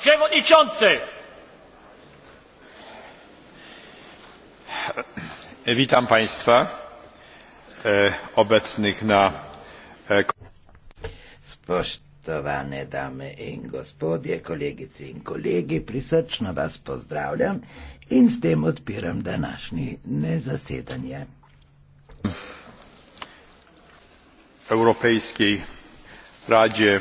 przewodniczący! witam państwa e, obecnych na e, Spoštovane dame in gospodje, kolegice in kolegi, prisrčno vas pozdravljam in s tem odpiram današnji nezasedanje. Evropejski radje.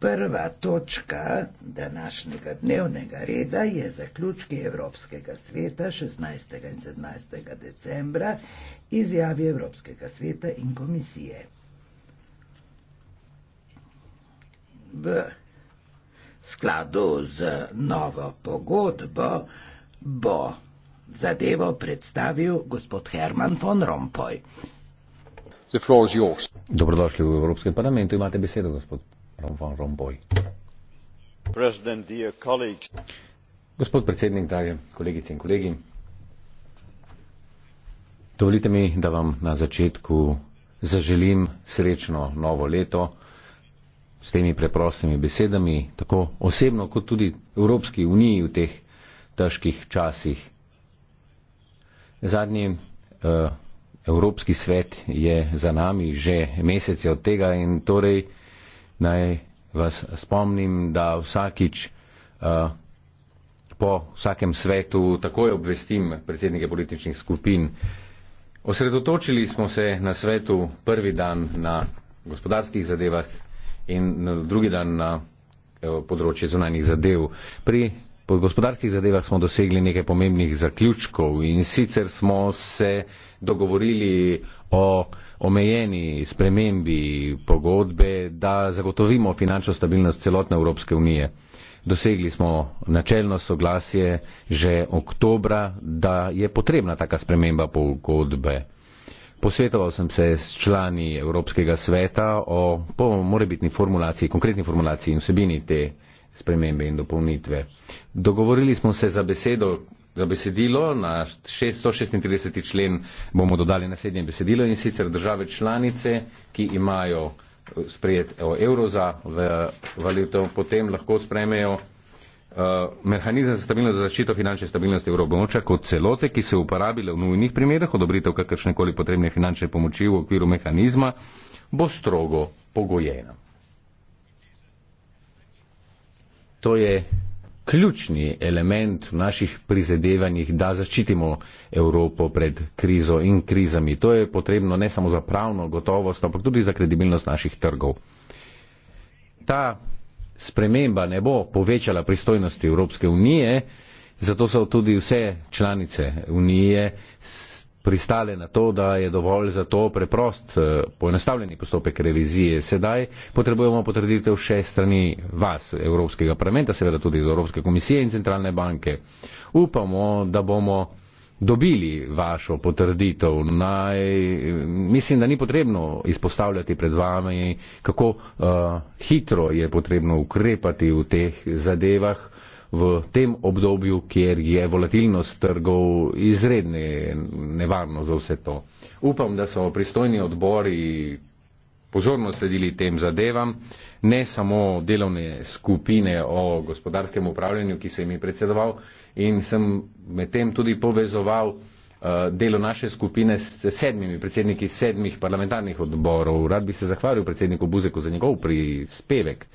Prva točka današnjega dnevnega reda je zaključki Evropskega sveta 16. in 17. decembra izjavi Evropskega sveta in komisije. V skladu z novo pogodbo bo zadevo predstavil gospod Herman von Rompuy. Dobrodošli v Evropskem parlamentu, imate besedo, gospod gospod predsednik drage kolegice in kolegi dovolite mi da vam na začetku zaželim srečno novo leto s temi preprostimi besedami tako osebno kot tudi evropski uniji v teh težkih časih zadnji uh, Evropski svet je za nami že mesece od tega in torej naj vas spomnim, da vsakič uh, po vsakem svetu takoj obvestim predsednike političnih skupin. Osredotočili smo se na svetu prvi dan na gospodarskih zadevah in drugi dan na eh, področje zunanjih zadev. Pri gospodarskih zadevah smo dosegli nekaj pomembnih zaključkov in sicer smo se dogovorili o omejeni spremembi pogodbe, da zagotovimo finančno stabilnost celotne Evropske unije. Dosegli smo načelno soglasje že oktobra, da je potrebna taka sprememba pogodbe. Posvetoval sem se s člani Evropskega sveta o po morebitni formulaciji, konkretni formulaciji in vsebini te spremembe in dopolnitve. Dogovorili smo se za besedo, za besedilo. Na 136. člen bomo dodali naslednje besedilo in sicer države članice, ki imajo eh, sprejet eh, evro za valuto, potem lahko spremejo eh, mehanizem za stabilnost za zaščito finančne stabilnosti evroobmočja kot celote, ki se uporabile v nujnih primerih, odobritev kakršnekoli potrebne finančne pomoči v okviru mehanizma, bo strogo pogojena. To je ključni element v naših prizadevanjih, da zaščitimo Evropo pred krizo in krizami. To je potrebno ne samo za pravno gotovost, ampak tudi za kredibilnost naših trgov. Ta sprememba ne bo povečala pristojnosti Evropske unije, zato so tudi vse članice unije pristale na to, da je dovolj za to preprost eh, poenostavljeni postopek revizije. Sedaj potrebujemo potrditev še strani vas, Evropskega parlamenta, seveda tudi Evropske komisije in centralne banke. Upamo, da bomo dobili vašo potrditev. Naj, mislim, da ni potrebno izpostavljati pred vami, kako uh, hitro je potrebno ukrepati v teh zadevah v tem obdobju, kjer je volatilnost trgov izredne nevarno za vse to. Upam, da so pristojni odbori pozorno sledili tem zadevam, ne samo delovne skupine o gospodarskem upravljanju, ki sem jim predsedoval in sem med tem tudi povezoval eh, delo naše skupine s sedmimi predsedniki sedmih parlamentarnih odborov. Rad bi se zahvalil predsedniku Buzeku za njegov prispevek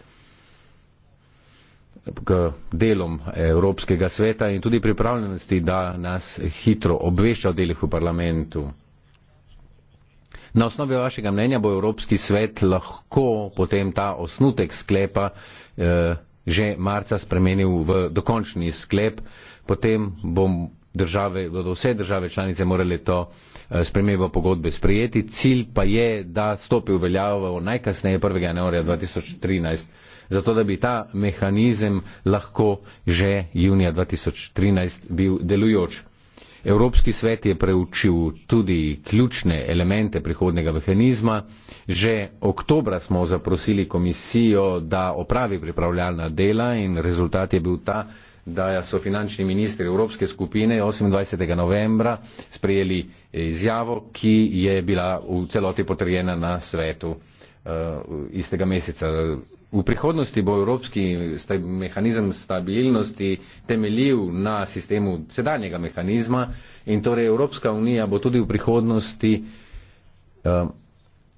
k delom Evropskega sveta in tudi pripravljenosti, da nas hitro obvešča o delih v parlamentu. Na osnovi vašega mnenja bo Evropski svet lahko potem ta osnutek sklepa eh, že marca spremenil v dokončni sklep, potem države, bodo vse države članice morale to eh, spremembo pogodbe sprijeti. Cilj pa je, da stopi v veljavo najkasneje 1. januarja 2013 zato da bi ta mehanizem lahko že junija 2013 bil delujoč. Evropski svet je preučil tudi ključne elemente prihodnega mehanizma. Že oktobra smo zaprosili komisijo, da opravi pripravljalna dela in rezultat je bil ta, da so finančni ministri Evropske skupine 28. novembra sprejeli izjavo, ki je bila v celoti potrjena na svetu uh, istega meseca. V prihodnosti bo evropski mehanizem stabilnosti temeljil na sistemu sedanjega mehanizma in torej Evropska unija bo tudi v prihodnosti uh,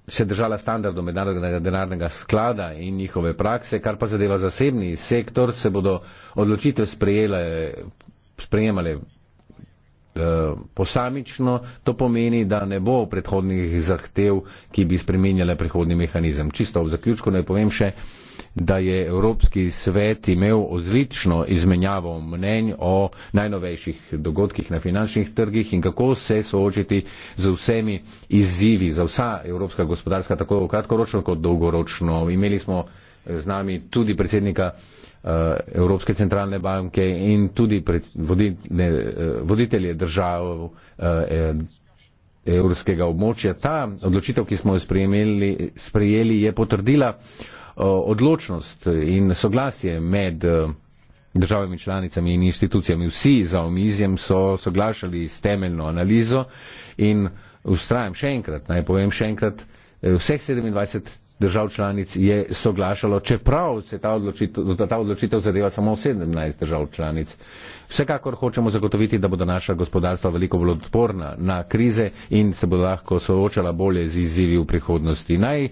se držala standardov mednarodnega denarnega sklada in njihove prakse, kar pa zadeva zasebni sektor, se bodo odločitev sprejemale Eh, posamično, to pomeni, da ne bo predhodnih zahtev, ki bi spreminjale prehodni mehanizem. Čisto v zaključku naj povem še, da je Evropski svet imel odlično izmenjavo mnenj o najnovejših dogodkih na finančnih trgih in kako se soočiti z vsemi izzivi za vsa evropska gospodarska, tako kratkoročno kot dolgoročno. Imeli smo eh, z nami tudi predsednika Eh, Evropske centralne banke in tudi pred, vodit, ne, eh, voditelje držav eh, evropskega območja. Ta odločitev, ki smo jo sprejeli, sprejeli je potrdila odločnost in soglasje med državami članicami in institucijami. Vsi za omizjem so soglašali s temeljno analizo in ustrajam še enkrat, naj povem še enkrat, vseh 27 držav članic je soglašalo, čeprav se ta odločitev, ta odločitev zadeva samo 17 držav članic. Vsekakor hočemo zagotoviti, da bodo naša gospodarstva veliko bolj odporna na krize in se bodo lahko soočala bolje z izzivi v prihodnosti. Naj eh,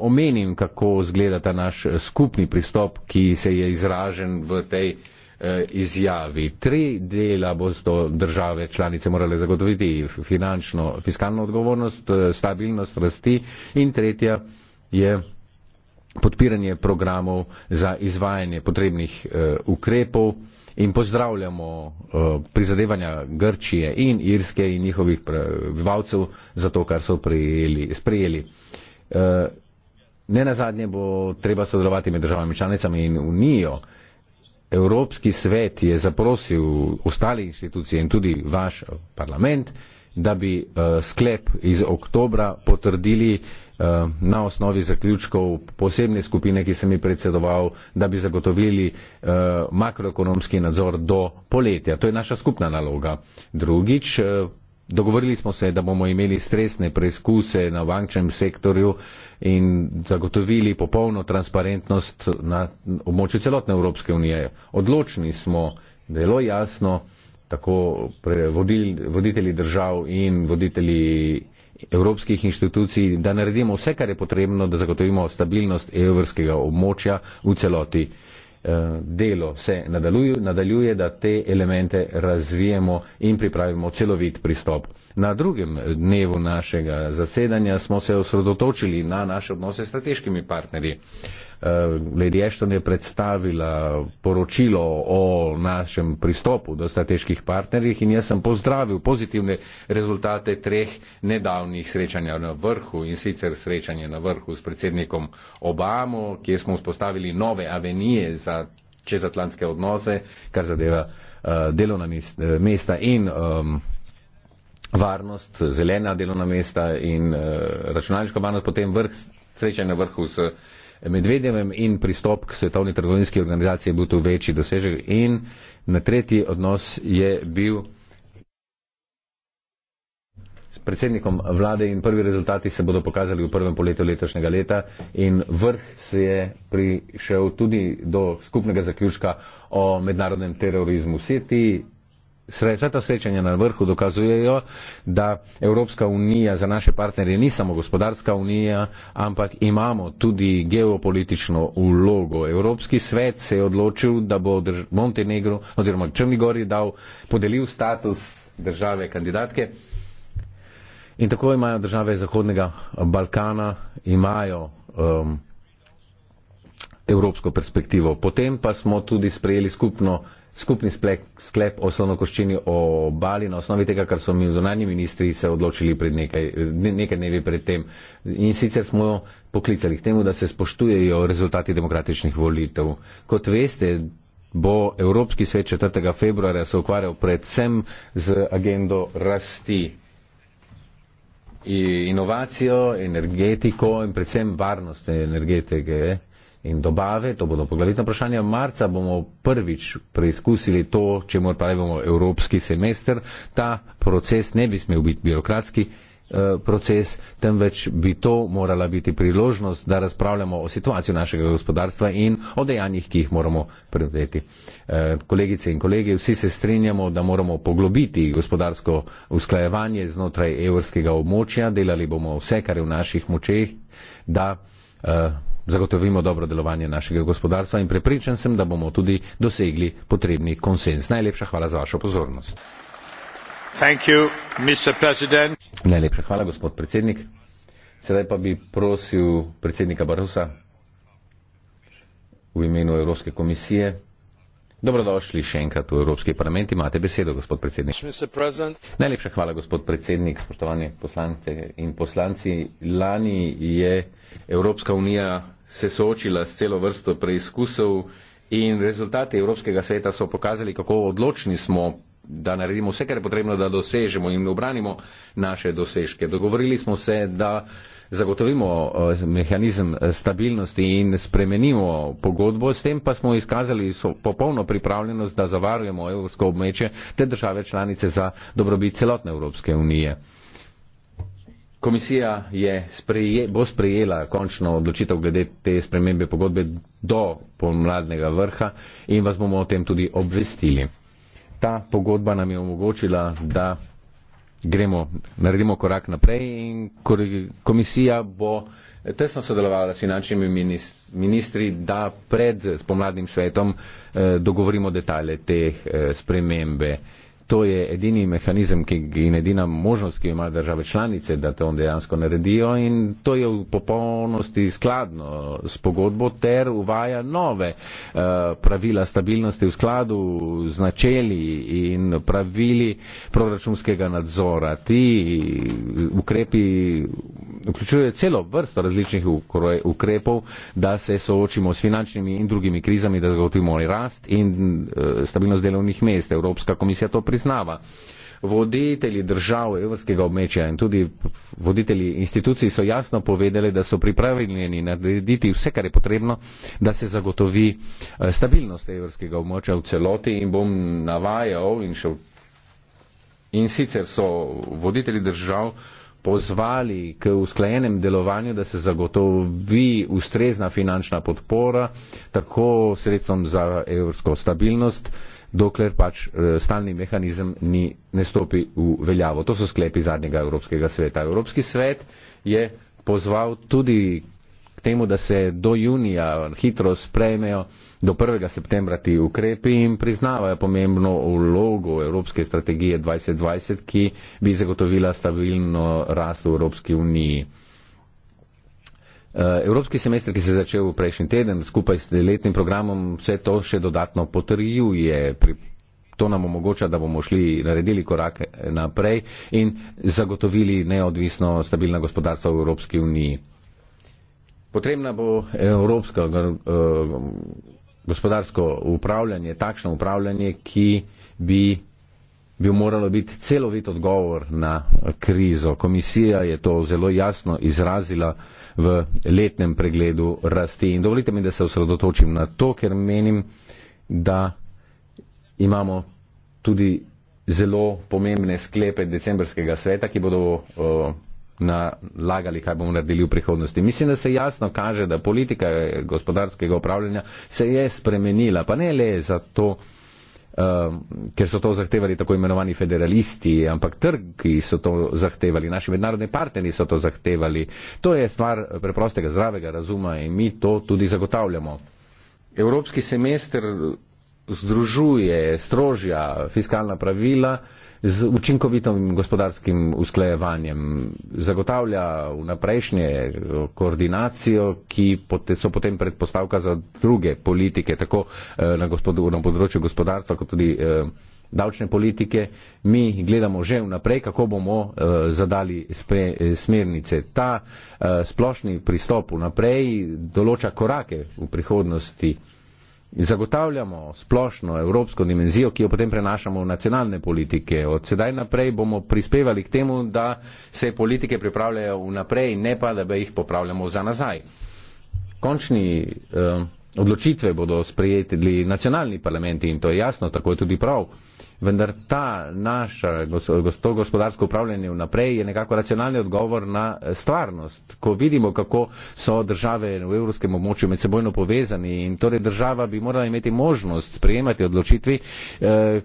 omenim, kako zgleda ta naš skupni pristop, ki se je izražen v tej eh, izjavi. Tri dela bodo države članice morale zagotoviti finančno, fiskalno odgovornost, eh, stabilnost rasti in tretja je podpiranje programov za izvajanje potrebnih uh, ukrepov in pozdravljamo uh, prizadevanja Grčije in Irske in njihovih prebivalcev za to, kar so prijeli, sprejeli. Uh, ne nazadnje bo treba sodelovati med državami članicami in unijo. Evropski svet je zaprosil ostale institucije in tudi vaš parlament, da bi uh, sklep iz oktobra potrdili uh, Eh, na osnovi zaključkov posebne skupine, ki sem ji predsedoval, da bi zagotovili eh, makroekonomski nadzor do poletja. To je naša skupna naloga. Drugič, eh, dogovorili smo se, da bomo imeli stresne preizkuse na bančnem sektorju in zagotovili popolno transparentnost na območju celotne Evropske unije. Odločni smo, da je zelo jasno, tako vodil, voditelji držav in voditelji evropskih inštitucij, da naredimo vse, kar je potrebno, da zagotovimo stabilnost evropskega območja v celoti. Eh, delo se nadaljuje, nadaljuje, da te elemente razvijemo in pripravimo celovit pristop. Na drugem dnevu našega zasedanja smo se osredotočili na naše odnose s strateškimi partnerji glede eh, Ešton je predstavila poročilo o našem pristopu do strateških partnerjih in jaz sem pozdravil pozitivne rezultate treh nedavnih srečanja na vrhu in sicer srečanje na vrhu s predsednikom Obamo, kjer smo vzpostavili nove avenije za čezatlantske odnose, kar zadeva uh, delovna eh, mesta in um, varnost, zelena delovna mesta in uh, računalniška varnost, potem vrh, srečanje na vrhu s uh, Medvedjevem in pristop k svetovni trgovinski organizaciji je bil tu večji dosežek in na tretji odnos je bil s predsednikom vlade in prvi rezultati se bodo pokazali v prvem poletju letošnjega leta in vrh se je prišel tudi do skupnega zaključka o mednarodnem terorizmu. Vsi ti sve ta srečanja na vrhu dokazujejo, da Evropska unija za naše partnerje ni samo gospodarska unija, ampak imamo tudi geopolitično ulogo. Evropski svet se je odločil, da bo Montenegro oziroma Črnigori dal, podelil status države kandidatke. In tako imajo države Zahodnega Balkana, imajo um, evropsko perspektivo. Potem pa smo tudi sprejeli skupno skupni splek, sklep o slonokoščini obali na osnovi tega, kar so mi zunanji ministri se odločili pred nekaj, nekaj dnevi pred tem. In sicer smo jo poklicali k temu, da se spoštujejo rezultati demokratičnih volitev. Kot veste, bo Evropski svet 4. februarja se ukvarjal predvsem z agendo rasti inovacijo, energetiko in predvsem varnost energetike in dobave, to bodo poglavitna vprašanja. Marca bomo prvič preizkusili to, če mora pravimo evropski semester. Ta proces ne bi smel biti birokratski eh, proces, temveč bi to morala biti priložnost, da razpravljamo o situaciji našega gospodarstva in o dejanjih, ki jih moramo prevzeti. Eh, kolegice in kolegi, vsi se strinjamo, da moramo poglobiti gospodarsko usklajevanje znotraj evrskega območja, delali bomo vse, kar je v naših močeh, da eh, zagotovimo dobro delovanje našega gospodarstva in prepričan sem, da bomo tudi dosegli potrebni konsens. Najlepša hvala za vašo pozornost. You, Najlepša hvala, gospod predsednik. Sedaj pa bi prosil predsednika Barusa v imenu Evropske komisije. Dobrodošli še enkrat v Evropski parlament. Imate besedo, gospod predsednik. Najlepša hvala, gospod predsednik, spoštovani poslanci in poslanci. Lani je Evropska unija se soočila s celo vrsto preizkusov in rezultati Evropskega sveta so pokazali, kako odločni smo, da naredimo vse, kar je potrebno, da dosežemo in obranimo naše dosežke. Dogovorili smo se, da zagotovimo eh, mehanizem eh, stabilnosti in spremenimo pogodbo, s tem pa smo izkazali popolno pripravljenost, da zavarujemo evropsko območje te države članice za dobrobit celotne Evropske unije. Komisija je spreje, bo sprejela končno odločitev glede te spremembe pogodbe do pomladnega vrha in vas bomo o tem tudi obvestili. Ta pogodba nam je omogočila, da gremo, naredimo korak naprej in komisija bo tesno sodelovala s finančnimi ministri, da pred pomladnim svetom eh, dogovorimo detalje te eh, spremembe to je edini mehanizem ki, in edina možnost, ki jo imajo države članice, da to dejansko naredijo in to je v popolnosti skladno s pogodbo ter uvaja nove uh, pravila stabilnosti v skladu z načeli in pravili proračunskega nadzora. Ti eh, ukrepi vključuje celo vrsto različnih ukrepov, da se soočimo s finančnimi in drugimi krizami, da zagotovimo rast in uh, stabilnost delovnih mest. Evropska komisija to priznava priznava. Voditelji držav evropskega obmečja in tudi voditelji institucij so jasno povedali, da so pripravljeni narediti vse, kar je potrebno, da se zagotovi eh, stabilnost evropskega območja v celoti in bom navajal in še. In sicer so voditelji držav pozvali k usklajenem delovanju, da se zagotovi ustrezna finančna podpora tako sredstvom za evropsko stabilnost, dokler pač eh, stalni mehanizem ni, ne stopi v veljavo. To so sklepi zadnjega Evropskega sveta. Evropski svet je pozval tudi k temu, da se do junija hitro sprejmejo do 1. septembra ti ukrepi in priznavajo pomembno vlogo Evropske strategije 2020, ki bi zagotovila stabilno rast v Evropski uniji. Eh, evropski semester, ki se je začel prejšnji teden skupaj s letnim programom, vse to še dodatno potrjuje. To nam omogoča, da bomo šli, naredili korak naprej in zagotovili neodvisno, stabilno gospodarstvo v Evropski uniji. Potrebna bo evropsko uh, eh, gospodarsko upravljanje, takšno upravljanje, ki bi bi moralo biti celovit odgovor na krizo. Komisija je to zelo jasno izrazila uh, v letnem pregledu rasti. In dovolite mi, da se osredotočim na to, ker menim, da imamo tudi zelo pomembne sklepe decembrskega sveta, ki bodo nalagali, kaj bomo naredili v prihodnosti. Mislim, da se jasno kaže, da politika gospodarskega upravljanja se je spremenila, pa ne le zato, Ehm, ker so to zahtevali tako imenovani federalisti, ampak trgi so to zahtevali, naši mednarodni partneri so to zahtevali. To je stvar eh, preprostega zdravega razuma in mi to tudi zagotavljamo. Evropski semester združuje strožja fiskalna pravila z učinkovitim gospodarskim usklajevanjem, zagotavlja vnaprejšnje koordinacijo, ki so potem predpostavka za druge politike, tako eh, na, na področju gospodarstva, kot tudi eh, davčne politike. Mi gledamo že vnaprej, kako bomo eh, zadali smernice. Ta splošni pristop vnaprej določa korake v prihodnosti zagotavljamo splošno evropsko dimenzijo, ki jo potem prenašamo v nacionalne politike. Od sedaj naprej bomo prispevali k temu, da se politike pripravljajo vnaprej, ne pa, da bi jih popravljamo za nazaj. Končni eh, odločitve bodo sprejeti nacionalni parlamenti in to je jasno, tako je tudi prav. Eh, vendar ta naša to gospodarsko upravljanje vnaprej je nekako racionalni odgovor na eh, stvarnost. Ko vidimo, kako so države v evropskem območju medsebojno povezani in torej država bi morala imeti možnost sprejemati odločitvi, eh,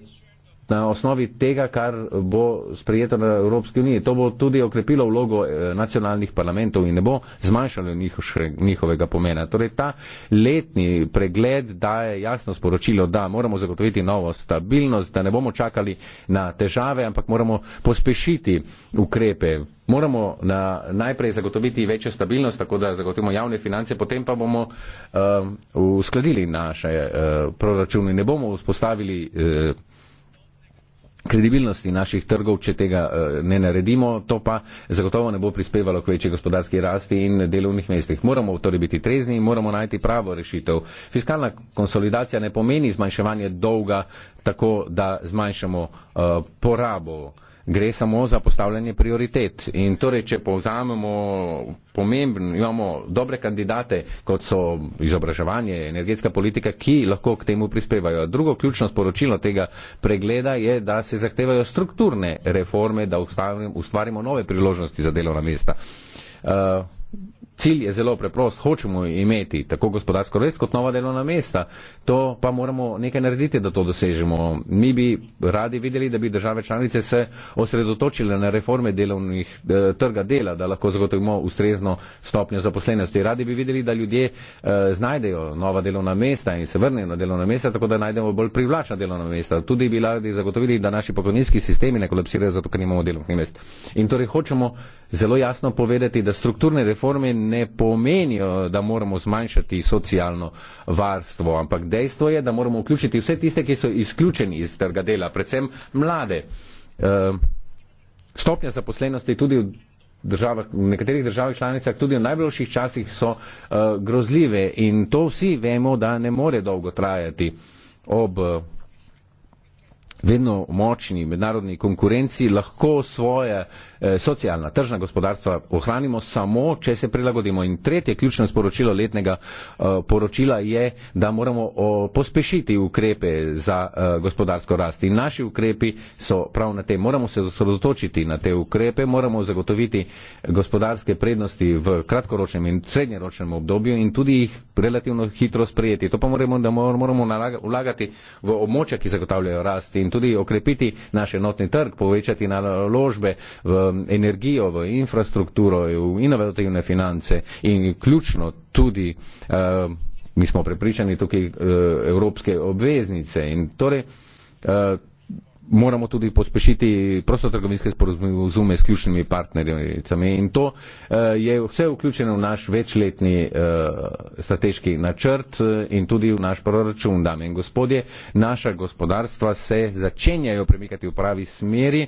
na osnovi tega, kar bo sprejeto na Evropski uniji. To bo tudi okrepilo vlogo eh, nacionalnih parlamentov in ne bo zmanjšalo njiho, njihovega pomena. Torej, ta letni pregled daje jasno sporočilo, da moramo zagotoviti novo stabilnost, da ne bomo čakali na težave, ampak moramo pospešiti ukrepe. Moramo na, najprej zagotoviti večjo stabilnost, tako da zagotovimo javne finance, potem pa bomo uh, uskladili naše uh, proračune. Ne bomo vzpostavili uh, kredibilnosti naših trgov, če tega eh, ne naredimo, to pa zagotovo ne bo prispevalo k večji gospodarski rasti in delovnih mestih. Moramo torej biti trezni in moramo najti pravo rešitev. Fiskalna konsolidacija ne pomeni zmanjševanje dolga tako, da zmanjšamo uh, porabo. Uh, gre samo za postavljanje prioritet. In torej, če povzamemo pomemben, imamo dobre kandidate, kot so izobraževanje, energetska politika, ki lahko k temu prispevajo. Drugo ključno sporočilo tega pregleda je, da se zahtevajo strukturne reforme, da ustvarimo nove priložnosti za delovna mesta. Uh, Cilj je zelo preprost, hočemo imeti tako gospodarsko rest kot nova delovna mesta, to pa moramo nekaj narediti, da to dosežemo. Mi bi radi videli, da bi države članice se osredotočile na reforme delovnih eh, trga dela, da lahko zagotovimo ustrezno stopnjo zaposlenosti. Radi bi videli, da ljudje eh, znajdejo nova delovna mesta in se vrnejo na delovna mesta, tako da najdemo bolj privlačna delovna mesta. Tudi bi radi zagotovili, da naši pokojninski sistemi ne kolapsirajo, zato ker nimamo delovnih mest. In torej hočemo zelo jasno povedati, da strukturne reforme ne pomenijo, da moramo zmanjšati socialno varstvo, ampak dejstvo je, da moramo vključiti vse tiste, ki so izključeni iz trga dela, predvsem mlade. Eh, stopnja zaposlenosti tudi v, državah, v nekaterih državah članicah, tudi v najboljših časih, so eh, grozljive in to vsi vemo, da ne more dolgo trajati ob eh, vedno močni mednarodni konkurenci, lahko svoje Eh, socialna, tržna gospodarstva ohranimo samo, če se prilagodimo. In tretje ključno sporočilo letnega eh, poročila je, da moramo pospešiti ukrepe za eh, gospodarsko rast. In naši ukrepi so prav na tem. Moramo se osredotočiti na te ukrepe, moramo zagotoviti gospodarske prednosti v kratkoročnem in srednjeročnem obdobju in tudi jih relativno hitro sprejeti. To pa moramo, da moramo vlagati v območja, ki zagotavljajo rast in tudi okrepiti naš enotni trg, povečati naložbe v Um, energijo, v infrastrukturo, v inovativne finance in ključno tudi, um, mi smo prepričani tukaj, uh, evropske obveznice. In torej uh, moramo tudi pospešiti prostotrgovinske sporozume s ključnimi partnericami in to uh, je vse vključeno v naš večletni strateški načrt in tudi v naš proračun. Dame in gospodje, naša gospodarstva se začenjajo premikati v pravi smeri.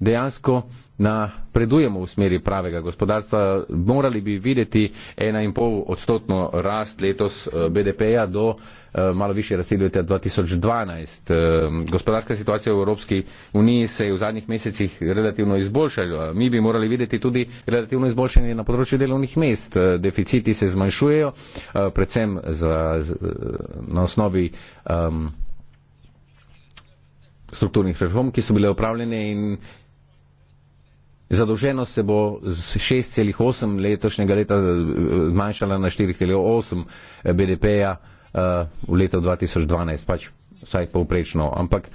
Dejansko napredujemo v smeri pravega gospodarstva. Morali bi videti 1,5 odstotno rast letos eh, BDP-ja do eh, malo više rasti do 2012. Eh, gospodarska situacija v Evropski uniji se je v zadnjih mesecih relativno izboljšala. Mi bi morali videti tudi relativno izboljšanje na področju delovnih mest. Deficiti se zmanjšujejo, predvsem za, na osnovi um, strukturnih reform, ki so bile upravljene in Zadolženost se bo z 6,8 letošnjega leta eh, zmanjšala na 4,8 eh, BDP-ja eh, v letu 2012, pač vsaj povprečno. Ampak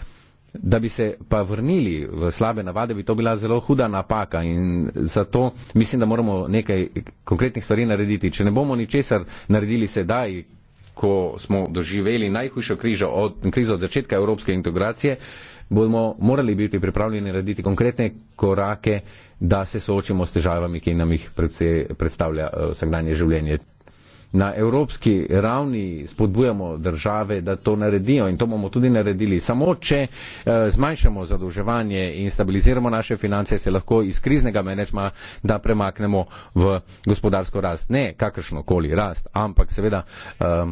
da bi se pa vrnili v slabe navade, bi to bila zelo huda napaka in zato mislim, da moramo nekaj konkretnih stvari narediti. Če ne bomo ničesar naredili sedaj, ko smo doživeli najhujšo križo od, krizo od začetka evropske integracije, bomo morali biti pripravljeni narediti konkretne korake, da se soočimo s težavami, ki nam jih predstavlja eh, vsakdanje življenje. Na evropski ravni spodbujamo države, da to naredijo in to bomo tudi naredili. Samo če eh, zmanjšamo zadolževanje in stabiliziramo naše finance, se lahko iz kriznega menedžma da premaknemo v gospodarsko rast. Ne kakršnokoli rast, ampak seveda. Eh,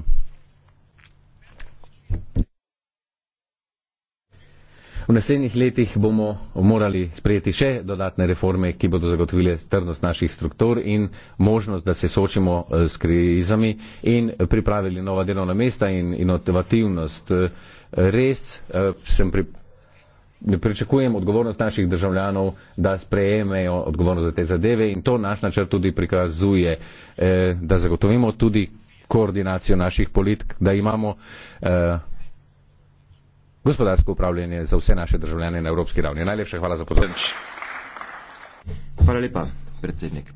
V naslednjih letih bomo morali sprejeti še dodatne reforme, ki bodo zagotovile trdnost naših struktur in možnost, da se sočimo eh, s krizami in pripravili nova delovna mesta in inovativnost. Eh, res eh, sem pri. Pričakujem odgovornost naših državljanov, da sprejemejo odgovornost za te zadeve in to naš načrt tudi prikazuje, da zagotovimo tudi koordinacijo naših politik, da imamo gospodarsko upravljanje za vse naše državljane na evropski ravni. Najlepša hvala za pozornost. Hvala lepa, predsednik.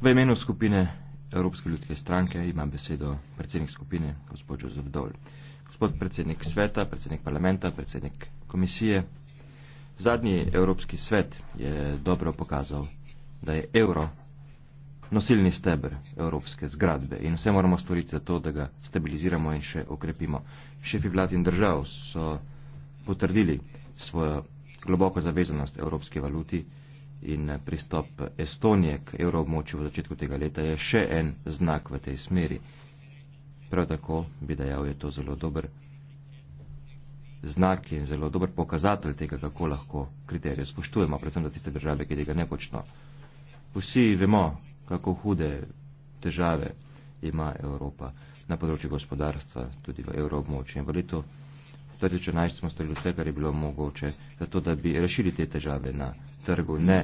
V imenu skupine Evropske ljudske stranke ima besedo predsednik skupine, gospod Jozef Dol. Gospod predsednik sveta, predsednik parlamenta, predsednik komisije. Zadnji Evropski svet je dobro pokazal, da je evro nosilni steber evropske zgradbe in vse moramo storiti za to, da ga stabiliziramo in še okrepimo šefi vlad in držav so potrdili svojo globoko zavezanost evropske valuti in pristop Estonije k evroobmočju v začetku tega leta je še en znak v tej smeri. Prav tako bi dejal, je to zelo dober znak in zelo dober pokazatelj tega, kako lahko kriterije spoštujemo, predvsem za tiste države, ki tega ne počno. Vsi vemo, kako hude države ima Evropa na področju gospodarstva, tudi v evroobmočju. In v letu 2011 smo storili vse, kar je bilo mogoče, zato da bi rešili te težave na trgu, ne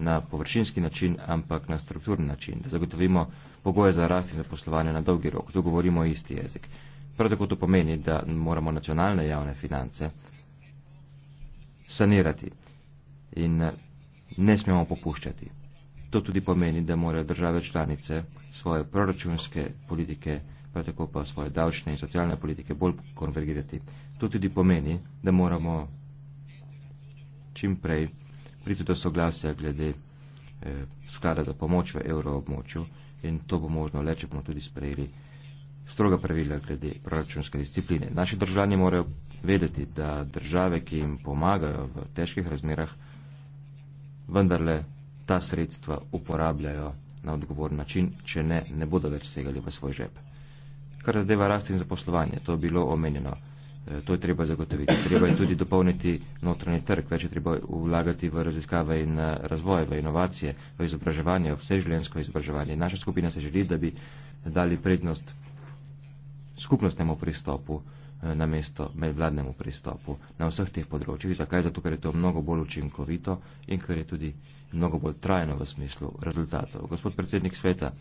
na površinski način, ampak na strukturni način, da zagotovimo pogoje za rast in zaposlovanje na dolgi rok. Tu govorimo isti jezik. Prav tako to pomeni, da moramo nacionalne javne finance sanirati in ne smemo popuščati. To tudi pomeni, da morajo države članice svoje proračunske politike prav tako pa svoje davčne in socialne politike bolj konvergirati. To tudi pomeni, da moramo čim prej priti do soglasja glede eh, sklada za pomoč v evroobmočju in to bo možno le, če bomo tudi sprejeli stroga pravila glede proračunske discipline. Naši državljani morajo vedeti, da države, ki jim pomagajo v težkih razmerah, vendarle ta sredstva uporabljajo na odgovor način, če ne, ne bodo več segali v svoj žep kar zadeva rast in zaposlovanje. To je bilo omenjeno. E, to je treba zagotoviti. Treba je tudi dopolniti notranji trg, več je treba vlagati v raziskave in e, razvoj, v inovacije, v izobraževanje, v vseživljenjsko izobraževanje. Naša skupina se želi, da bi dali prednost skupnostnemu pristopu e, na mesto medvladnemu pristopu na vseh teh področjih. Zakaj? Zato, ker je to mnogo bolj učinkovito in ker je tudi mnogo bolj trajno v smislu rezultatov. Gospod predsednik sveta,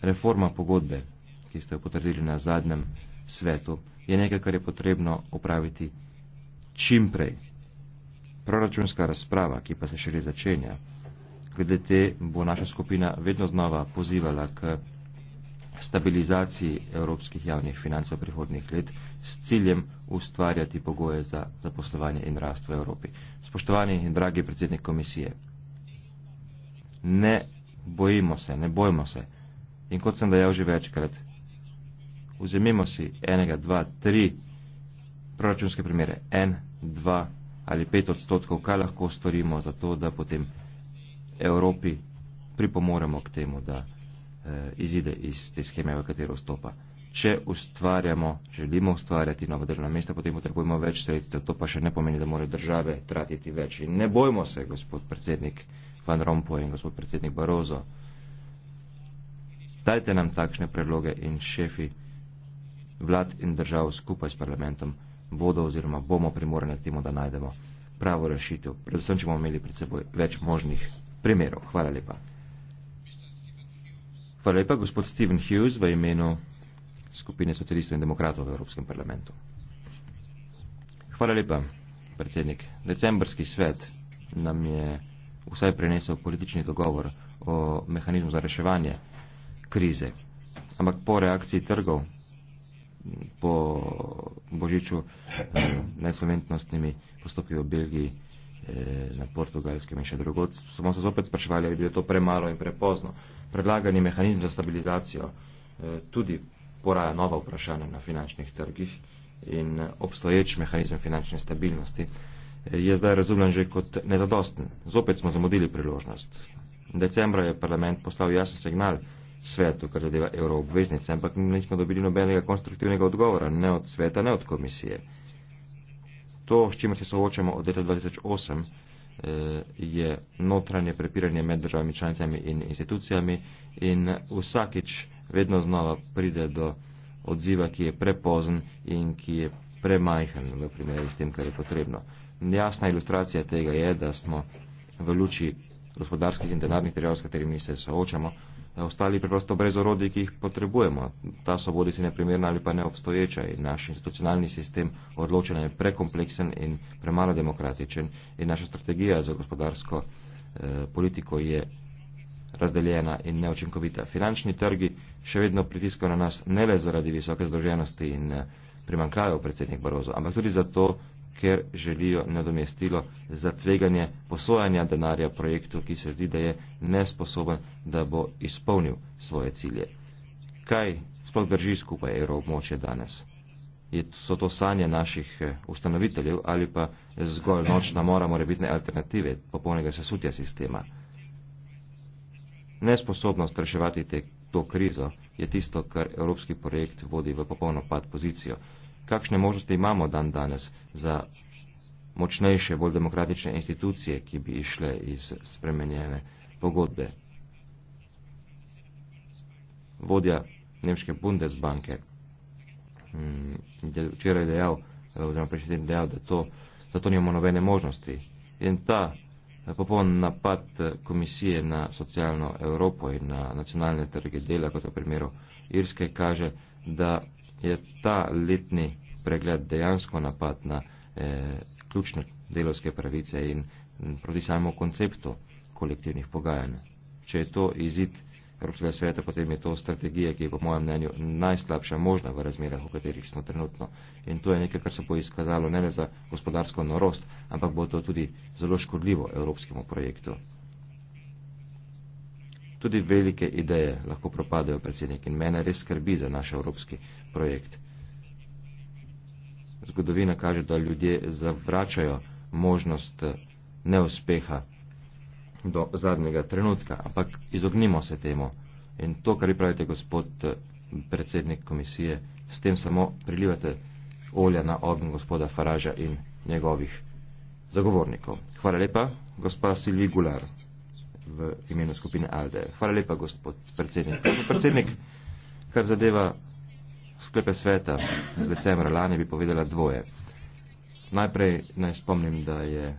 reforma pogodbe ki ste jo potrdili na zadnjem svetu, je nekaj, kar je potrebno upraviti čim prej. Proračunska razprava, ki pa se šele začenja, glede te bo naša skupina vedno znova pozivala k stabilizaciji evropskih javnih financ v prihodnih let s ciljem ustvarjati pogoje za zaposlovanje in rast v Evropi. Spoštovani in dragi predsednik komisije, ne bojimo se, ne bojimo se. In kot sem dejal že večkrat, vzemimo si enega, dva, tri proračunske primere, en, dva ali pet odstotkov, kaj lahko storimo za to, da potem Evropi pripomoremo k temu, da eh, izide iz te scheme, v katero vstopa. Če ustvarjamo, želimo ustvarjati nova delovna mesta, potem potrebujemo več sredstev. To pa še ne pomeni, da morajo države tratiti več. In ne bojmo se, gospod predsednik Van Rompuy in gospod predsednik Barozo. Dajte nam takšne predloge in šefi vlad in držav skupaj s parlamentom bodo oziroma bomo primorani k temu, da najdemo pravo rešitev, predvsem, če bomo imeli pred seboj več možnih primerov. Hvala lepa. Hvala lepa, gospod Steven Hughes, v imenu skupine socialistov in demokratov v Evropskem parlamentu. Hvala lepa, predsednik. Decembrski svet nam je vsaj prenesel politični dogovor o mehanizmu za reševanje krize. Ampak po reakciji trgov po Božiču eh, najsomentnostnimi postopki v Belgiji, eh, na portugalskem in še drugod. Smo se zopet spraševali, ali je to premalo in prepozno. Predlagani mehanizm za stabilizacijo eh, tudi poraja nova vprašanja na finančnih trgih in obstoječ mehanizem finančne stabilnosti je zdaj razumljen že kot nezadosten. Zopet smo zamudili priložnost. Decembra je parlament poslal jasen signal, svetu, kar zadeva euroobveznice, ampak nismo dobili nobenega konstruktivnega odgovora, ne od sveta, ne od komisije. To, s čimer se soočamo od leta 2008, eh, je notranje prepiranje med državami članicami in institucijami in vsakič vedno znova pride do odziva, ki je prepozen in ki je premajhen v primeru s tem, kar je potrebno. Jasna ilustracija tega je, da smo v luči gospodarskih in denarnih težav, s katerimi se soočamo, Eh, ostali preprosto brez orodij, ki jih potrebujemo. Ta so bodi si neprimerna ali pa neobstoječa in naš institucionalni sistem odločanja je prekompleksen in premalo demokratičen in naša strategija za gospodarsko eh, politiko je razdeljena in neočinkovita. Finančni trgi še vedno pritiskajo na nas ne le zaradi visoke zdroženosti in eh, primankajo predsednik Barozo, ampak tudi zato, ker želijo nadomestilo za tveganje posojanja denarja projektu, ki se zdi, da je nesposoben, da bo izpolnil svoje cilje. Kaj sploh drži skupaj evroobmočje danes? Je, so to sanje naših eh, ustanoviteljev ali pa zgolj nočna mora morebitne alternative popolnega sesutja sistema? Nesposobnost reševati te, to krizo je tisto, kar evropski projekt vodi v popolno pad pozicijo kakšne možnosti imamo dan danes za močnejše, bolj demokratične institucije, ki bi išle iz spremenjene pogodbe. Vodja Nemške Bundesbanke je mm, včeraj dejal, oziroma prejšnji teden dejal, da to, da to nimamo nobene možnosti. In ta eh, popoln napad eh, komisije na socialno Evropo in na nacionalne trge dela, kot v primeru Irske, kaže, da je ta letni pregled dejansko napad na eh, ključne delovske pravice in proti samo konceptu kolektivnih pogajanj. Če je to izid Evropskega sveta, potem je to strategija, ki je po mojem mnenju najslabša možna v razmerah, v katerih smo trenutno. In to je nekaj, kar se bo izkazalo ne le za gospodarsko norost, ampak bo to tudi zelo škodljivo evropskemu projektu. Tudi velike ideje lahko propadajo, predsednik, in mene res skrbi za naš evropski projekt. Zgodovina kaže, da ljudje zavračajo možnost eh, neuspeha do zadnjega trenutka, ampak izognimo se temu. In to, kar vi pravite, gospod eh, predsednik komisije, s tem samo prilivate olja na ogen gospoda Faraža in njegovih zagovornikov. Hvala lepa, gospa Silvi Gular v imenu skupine Alde. Hvala lepa, gospod predsednik. Gospod predsednik, kar zadeva sklepe sveta z decembra lani, bi povedala dvoje. Najprej naj spomnim, da je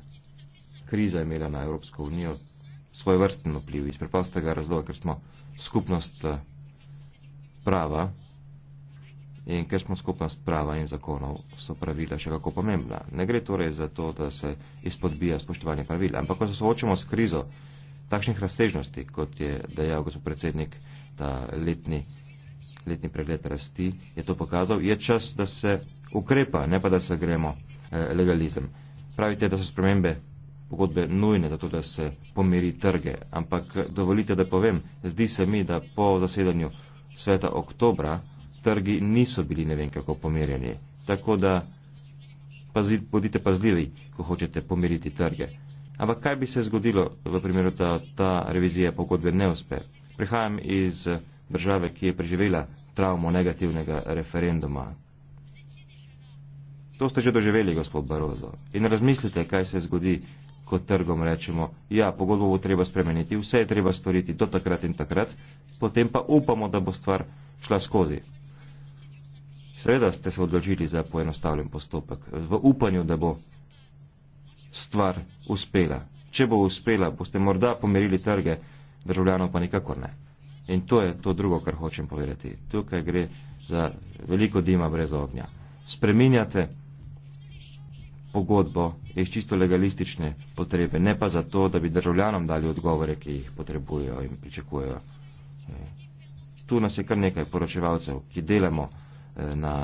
kriza imela na Evropsko unijo svoj vrsten vpliv iz preprostega razloga, ker smo skupnost eh, prava in ker smo skupnost prava in zakonov, so pravila še kako pomembna. Ne gre torej za to, da se izpodbija spoštovanje pravil, ampak ko se soočamo s krizo, takšnih razsežnosti, kot je dejal gospod predsednik, ta letni, letni pregled rasti je to pokazal, je čas, da se ukrepa, ne pa da se gremo eh, legalizem. Pravite, da so spremembe pogodbe nujne, zato da se pomiri trge, ampak eh, dovolite, da povem, zdi se mi, da po zasedanju sveta oktobra trgi niso bili ne vem kako pomirjeni. Tako da pazit, bodite pazljivi, ko hočete pomiriti trge. Ampak kaj bi se zgodilo v primeru, da ta revizija pogodbe ne uspe? Prihajam iz države, ki je preživela travmo negativnega referenduma. To ste že doživeli, gospod Barozo. In razmislite, kaj se zgodi, ko trgom rečemo, ja, pogodbo bo treba spremeniti, vse je treba storiti do takrat in takrat, potem pa upamo, da bo stvar šla skozi. Seveda ste se odločili za poenostavljen postopek, v upanju, da bo stvar uspela. Če bo uspela, boste morda pomerili trge, državljanov pa nikakor ne. In to je to drugo, kar hočem povedati. Tukaj gre za veliko dima brez ognja. Spreminjate pogodbo iz čisto legalistične potrebe, ne pa zato, da bi državljanom dali odgovore, ki jih potrebujejo in pričakujejo. Eh, tu nas je kar nekaj poročevalcev, ki delamo eh, na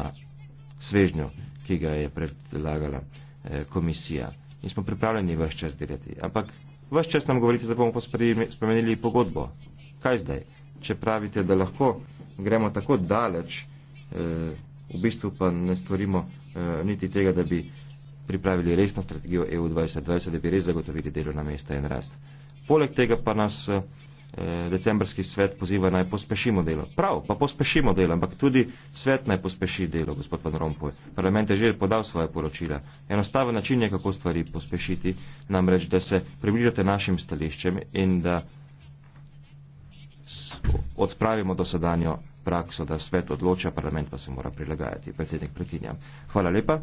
svežnju, ki ga je predlagala eh, komisija in smo pripravljeni v vse čas delati. Ampak v vse čas nam govorite, da bomo pa spremenili pogodbo. Kaj zdaj? Če pravite, da lahko gremo tako daleč, eh, v bistvu pa ne stvorimo eh, niti tega, da bi pripravili resno strategijo EU 2020, da bi res zagotovili delovna mesta in rast. Poleg tega pa nas. Eh, Eh, decembrski svet poziva naj pospešimo delo. Prav, pa pospešimo delo, ampak tudi svet naj pospeši delo, gospod Van Rompuy. Parlament je že podal svoje poročila. Enostaven način je, kako stvari pospešiti, namreč, da se približate našim stališčem in da odpravimo dosedanjo prakso, da svet odloča, parlament pa se mora prilagajati. Predsednik, prekinjam. Hvala lepa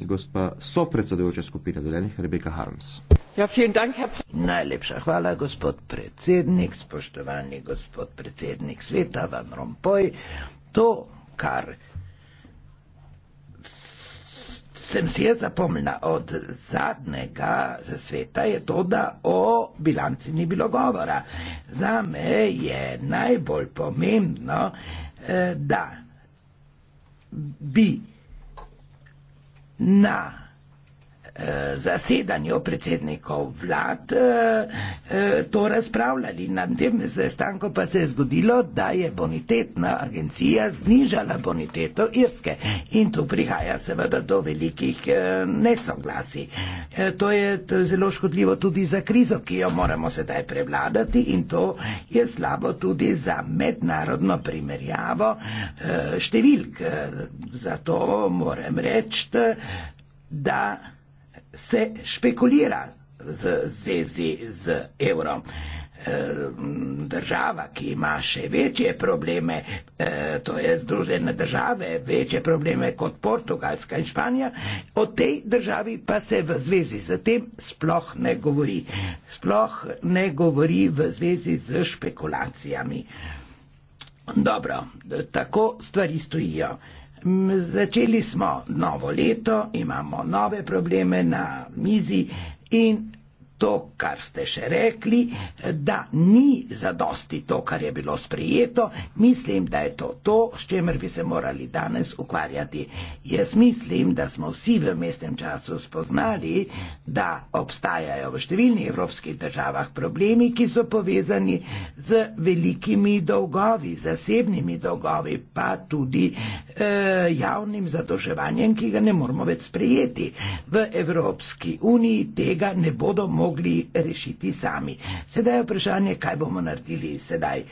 gospa sopredsedujoča skupine zelenih Rebeka Harms. Ja, dank, Herr... Najlepša hvala, gospod predsednik, spoštovani gospod predsednik sveta Van Rompuy. To, kar sem si jaz zapomnila od zadnjega sveta, je to, da o bilanci ni bilo govora. Za me je najbolj pomembno, eh, da bi Na zasedanju predsednikov vlad eh, eh, to razpravljali. Na tem sestanku pa se je zgodilo, da je bonitetna agencija znižala boniteto Irske. In tu prihaja seveda do velikih eh, nesoglasi. To je, to je zelo škodljivo tudi za krizo, ki jo moramo sedaj prevladati in to je slabo tudi za mednarodno primerjavo številk. Zato moram reči, da se špekulira v zvezi z evrom. Država, ki ima še večje probleme, eh, to je Združene države, večje probleme kot Portugalska in Španija, o tej državi pa se v zvezi z tem sploh ne govori. Sploh ne govori v zvezi z špekulacijami. Dobro, tako stvari stojijo začeli smo novo leto, imamo nove probleme na mizi in to, kar ste še rekli, da ni zadosti to, kar je bilo sprejeto, mislim, da je to to, s čemer bi se morali danes ukvarjati. Jaz mislim, da smo vsi v mestnem času spoznali, da obstajajo v številnih evropskih državah problemi, ki so povezani z velikimi dolgovi, zasebnimi dolgovi, pa tudi eh, javnim zadolževanjem, ki ga ne moramo več sprejeti. V Evropski uniji tega ne bodo mogli mogli rešiti sami. Sedaj je vprašanje, kaj bomo naredili sedaj.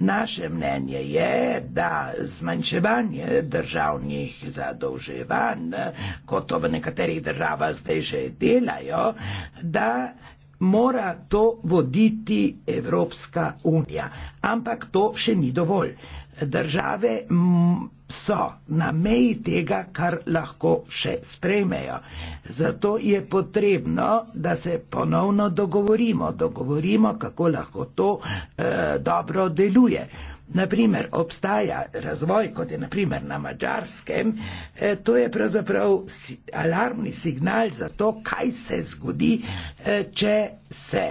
Naše mnenje je, da zmanjševanje državnih zadolževanj, kot to v nekaterih državah zdaj že delajo, da mora to voditi Evropska unija. Ampak to še ni dovolj. Države so na meji tega, kar lahko še sprejmejo. Zato je potrebno, da se ponovno dogovorimo, dogovorimo, kako lahko to e, dobro deluje. Naprimer, obstaja razvoj, kot je naprimer na mačarskem, e, eh, to je pravzaprav si, alarmni signal za to, kaj se zgodi, e, če se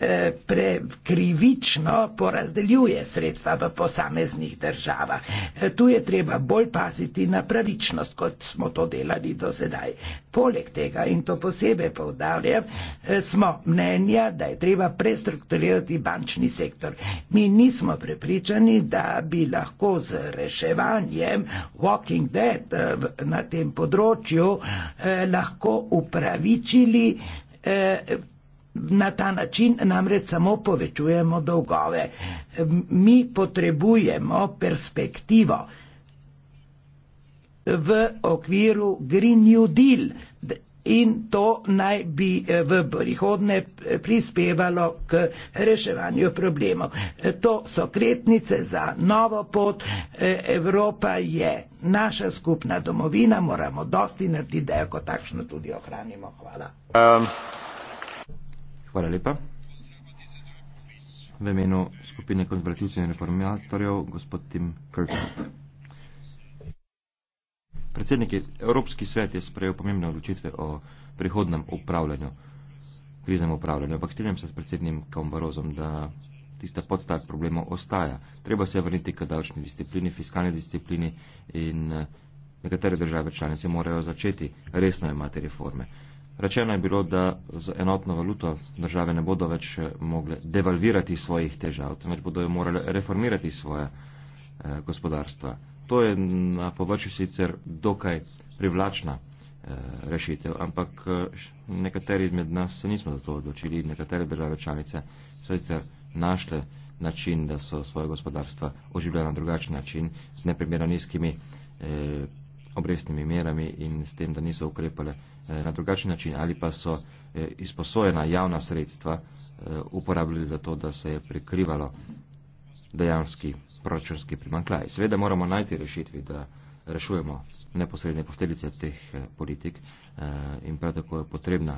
Eh, prekrivično porazdeljuje sredstva v posameznih državah. Eh, tu je treba bolj paziti na pravičnost, kot smo to delali do sedaj. Poleg tega, in to posebej povdarjam, eh, smo mnenja, da je treba prestrukturirati bančni sektor. Mi nismo prepričani, da bi lahko z reševanjem Walking Dead na tem področju lahko upravičili Na ta način namreč samo povečujemo dolgove. Mi potrebujemo perspektivo v okviru Green New Deal in to naj bi eh, v prihodne prispevalo k reševanju problemov. Eh, to so kretnice za novo pot. Eh, Evropa je naša skupna domovina, moramo dosti narediti, da jo kot takšno tudi ohranimo. Hvala. Um. Hvala lepa. V imenu skupine konzervativcev in reformatorjev, gospod Tim Kirchhoff. Predsednik je, Evropski svet je sprejel pomembne odločitve o prihodnem upravljanju, kriznem upravljanju, ampak strinjam se s predsednim Kombarozom, da tista podstat problema ostaja. Treba se vrniti k davčni disciplini, fiskalni disciplini in eh, nekatere države članice morajo začeti resno imati reforme. Rečeno je bilo, da z enotno valuto države ne bodo več eh, mogle devalvirati svojih težav, temveč bodo jo morale reformirati svoje eh, gospodarstva. To je na površju sicer dokaj privlačna eh, rešitev, ampak eh, nekateri izmed nas se nismo za to odločili, nekatere države članice so sicer našle način, da so svoje gospodarstva oživljala na drugačen način, z neprimerno nizkimi eh, obrestnimi merami in s tem, da niso ukrepale. Eh, na drugačen način ali pa so eh, izposojena javna sredstva eh, uporabljali za to, da se je prikrivalo dejanski proračunski primankljaj. Sveda moramo najti rešitvi, da rešujemo neposredne posledice teh politik in prav tako je potrebna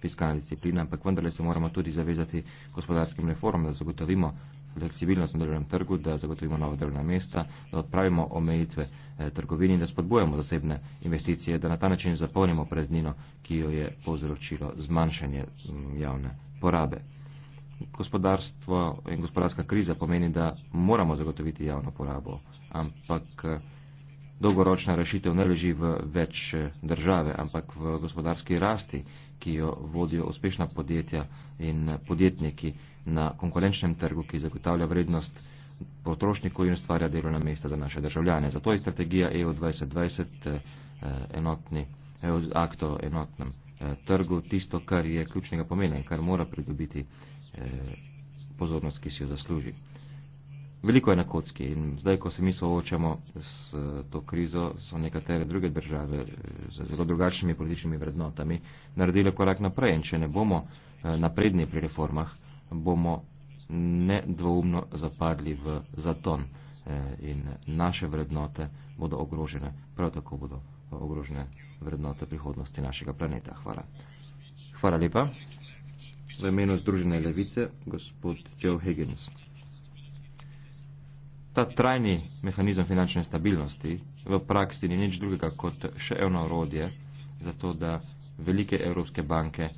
fiskalna disciplina, ampak vendarle se moramo tudi zavezati gospodarskim reformam, da zagotovimo fleksibilnost na delovnem trgu, da zagotovimo nova delovna mesta, da odpravimo omejitve eh, trgovini in da spodbujamo zasebne investicije, da na ta način zapolnimo preznino, ki jo je povzročilo zmanjšanje mm, javne porabe. Gospodarstvo in gospodarska kriza pomeni, da moramo zagotoviti javno porabo, ampak eh, dolgoročna rešitev ne leži v več eh, države, ampak v gospodarski rasti, ki jo vodijo uspešna podjetja in podjetniki na konkurenčnem trgu, ki zagotavlja vrednost potrošniku in ustvarja delovna mesta za naše državljane. Zato je strategija EU 2020 eh, enotni, eh, akt o enotnem eh, trgu tisto, kar je ključnega pomena in kar mora pridobiti eh, pozornost, ki si jo zasluži. Veliko je na kocki in zdaj, ko se mi soočamo s eh, to krizo, so nekatere druge države eh, z zelo drugačnimi političnimi vrednotami naredile korak naprej. In če ne bomo eh, napredni pri reformah, bomo nedvoumno zapadli v zaton eh, in naše vrednote bodo ogrožene, prav tako bodo eh, ogrožene vrednote prihodnosti našega planeta. Hvala. Hvala lepa. V imenu Združene levice, gospod Joe Higgins. Ta trajni mehanizem finančne stabilnosti v praksi ni nič drugega kot še eno orodje za to, da velike evropske banke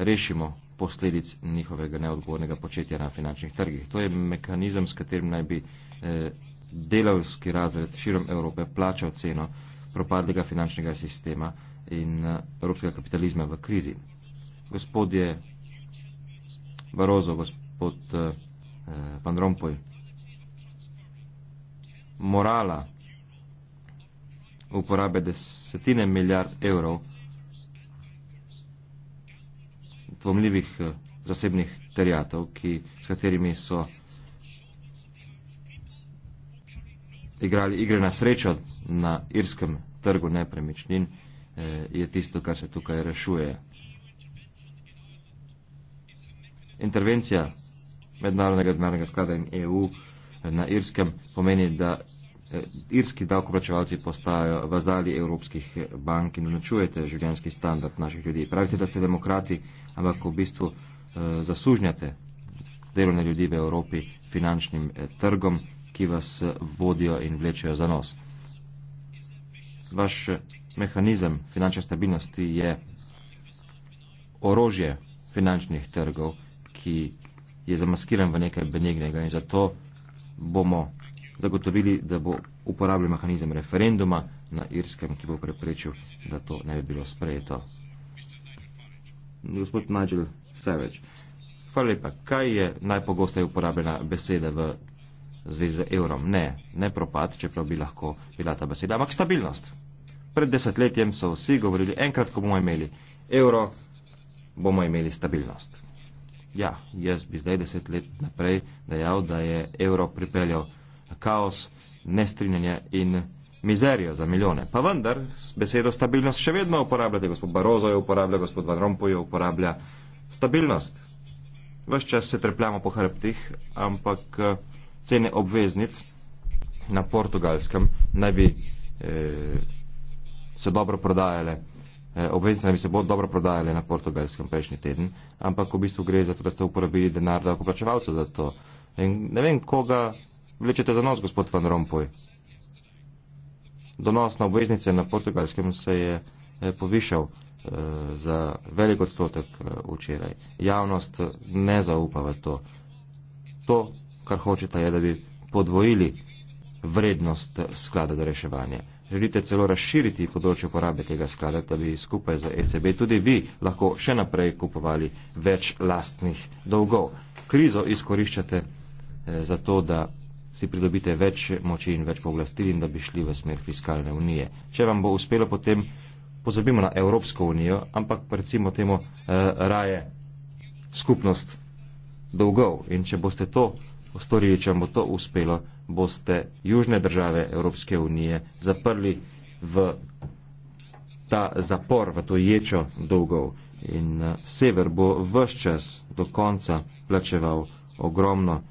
rešimo posledic njihovega neodgovornega početja na finančnih trgih. To je mekanizem, s katerim naj bi eh, delavski razred širom Evrope plačal ceno propadlega finančnega sistema in eh, evropskega kapitalizma v krizi. Gospodje Barozo, gospod eh, eh Van Rompuy, morala uporabe desetine milijard evrov dvomljivih eh, zasebnih terjatov, ki, s katerimi so igrali igre na srečo na irskem trgu nepremičnin, eh, je tisto, kar se tukaj rešuje. Intervencija mednarodnega denarnega sklada in EU eh, na irskem pomeni, da Eh, irski davkoplačevalci postajajo vazali evropskih bank in značujete življenjski standard naših ljudi. Pravite, da ste demokrati, ampak v bistvu eh, zasužnjate delovne ljudi v Evropi finančnim eh, trgom, ki vas eh, vodijo in vlečejo za nos. Vaš eh, mehanizem finančne stabilnosti je orožje finančnih trgov, ki je zamaskiran v nekaj benignega in zato bomo zagotovili, da bo uporabljen mehanizem referenduma na Irskem, ki bo preprečil, da to ne bi bilo sprejeto. Gospod Nigel Savage, hvala lepa. Kaj je najpogosteje uporabljena beseda v zvezi z evrom? Ne, ne propad, čeprav bi lahko bila ta beseda, ampak stabilnost. Pred desetletjem so vsi govorili, enkrat, ko bomo imeli evro, bomo imeli stabilnost. Ja, jaz bi zdaj deset let naprej dejal, da je evro pripeljal kaos, nestrinjanje in mizerijo za milijone. Pa vendar, besedo stabilnost še vedno uporabljate, gospod Barozo jo uporablja, gospod Van Rompuy jo uporablja. Stabilnost. Ves čas se trepljamo po hrbtih, ampak eh, cene obveznic na portugalskem naj bi eh, se dobro prodajale. Eh, obveznice naj bi se bolj dobro prodajale na portugalskem prejšnji teden, ampak v bistvu gre za to, da ste uporabili denar davkoplačevalcev za to. In ne vem, koga Влечете за нос, господ Ван Ромпой. Донос на обвезнице на португальском се е, е повишал е, за велик отстоток вчера. Явност не заупава то. То, кар хочете, е да би подвоили вредност склада за решевание. Želite celo razširiti področje uporabe tega sklada, da bi skupaj z ECB tudi vi lahko še naprej kupovali več lastnih dolgov. Krizo izkoriščate eh, za to, da si pridobite več moči in več povlastil in da bi šli v smer fiskalne unije. Če vam bo uspelo, potem pozabimo na Evropsko unijo, ampak recimo temu eh, raje skupnost dolgov. In če boste to ustvarili, če vam bo to uspelo, boste južne države Evropske unije zaprli v ta zapor, v to ječo dolgov. In eh, sever bo v vse čas do konca plačeval ogromno.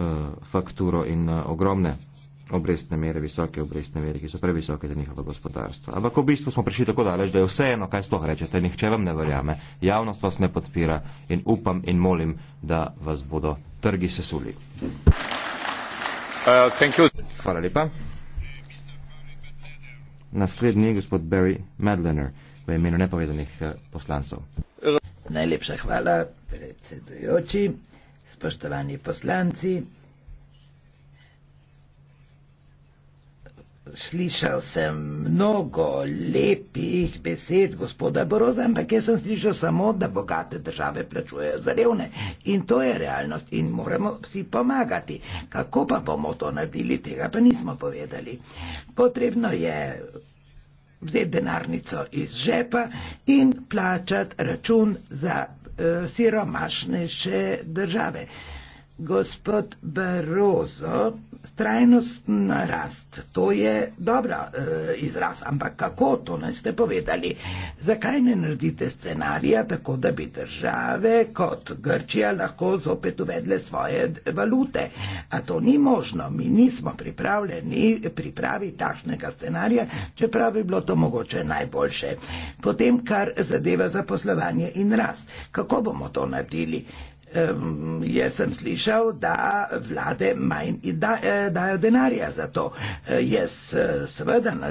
Eh, fakturo in eh, ogromne obrestne mere, visoke obrestne mere, ki so previsoke za njihovo gospodarstvo. Ampak v bistvu smo prišli tako daleč, da je vseeno, kaj sploh rečete, nihče vam ne verjame, javnost vas ne podpira in upam in molim, da vas bodo trgi sesuli. Uh, Hvala lepa. Naslednji je gospod Barry Madlener v imenu nepovezanih eh, poslancev. Najlepša hvala, predsedujoči spoštovani poslanci, slišal sem mnogo lepih besed gospoda Boroza, ampak jaz sem slišal samo, da bogate države plačujejo za revne. In to je realnost in moramo vsi pomagati. Kako pa bomo to naredili, tega pa nismo povedali. Potrebno je vzeti denarnico iz žepa in plačati račun za Eh, siromašnejše države gospod Barozo, trajnostna rast, to je dobra eh, izraz, ampak kako to ne ste povedali? Zakaj ne naredite scenarija tako, da bi države kot Grčija lahko zopet uvedle svoje valute? A to ni možno, mi nismo pripravljeni pripravi takšnega scenarija, čeprav bi bilo to mogoče najboljše. Potem, kar zadeva zaposlovanje in rast, kako bomo to naredili? Jaz sem slišal, da vlade manj da, eh, dajo denarja za to. Eh, jaz eh, seveda na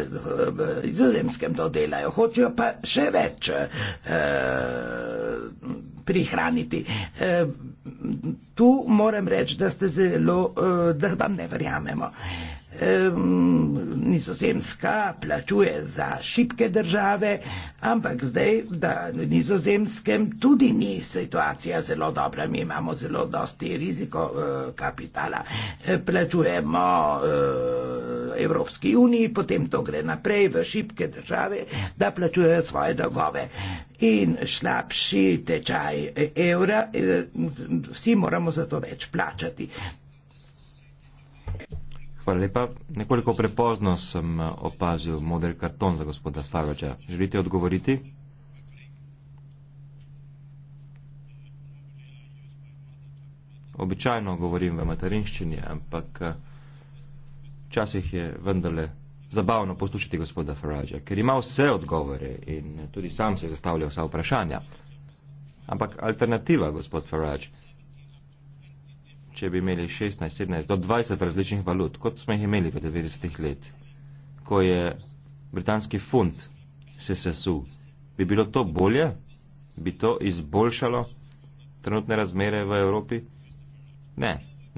izuzemskem to delajo, hočejo pa še več prihraniti. Tu moram reči, da ste zelo, da vam ne verjamemo. Nizozemska plačuje za šibke države, ampak zdaj, da na nizozemskem tudi ni situacija zelo dobra, mi imamo zelo dosti riziko eh, kapitala. Eh, plačujemo eh, Evropski uniji, potem to gre naprej v šibke države, da plačujejo svoje dolgove. In slabši tečaj evra, vsi moramo za to več plačati. Hvala lepa. Nekoliko prepozno sem eh, opazil model karton za gospoda Faroča. Želite odgovoriti? Običajno govorim v materinščini, ampak eh, včasih je vendarle zabavno poslušati gospoda Faraja, ker ima vse odgovore in tudi sam se zastavlja vsa vprašanja. Ampak alternativa, gospod Faraj, če bi imeli 16, 17 do 20 različnih valut, kot smo jih imeli v 90-ih let, ko je britanski funt se sesul, bi bilo to bolje, bi to izboljšalo trenutne razmere v Evropi? Ne.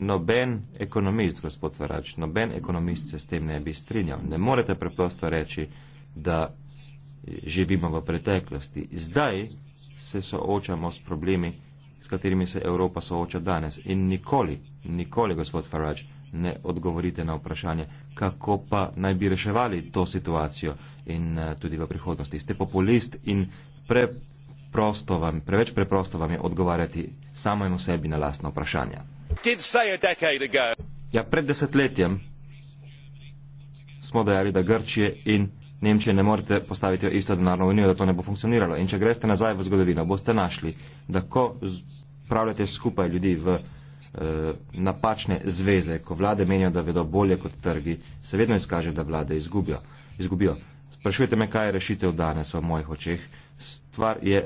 Noben ekonomist, gospod Varač, noben ekonomist se s tem ne bi strinjal. Ne morete preprosto reči, da živimo v preteklosti. Zdaj se soočamo s problemi, katerimi se Evropa sooča danes. In nikoli, nikoli, gospod Farage, ne odgovorite na vprašanje, kako pa naj bi reševali to situacijo in eh, tudi v prihodnosti. Ste populist in pre. Prosto vam, preveč preprosto vam je odgovarjati samo in osebi na lastno vprašanje. Ja, pred desetletjem smo dejali, da Grčije in Nemčije ne morete postaviti v isto denarno unijo, da to ne bo funkcioniralo. In če greste nazaj v zgodovino, boste našli, da ko spravljate skupaj ljudi v eh, napačne zveze, ko vlade menijo, da vedo bolje kot trgi, se vedno izkaže, da vlade izgubijo. izgubijo. Sprašujete me, kaj je rešitev danes v mojih očeh. Stvar je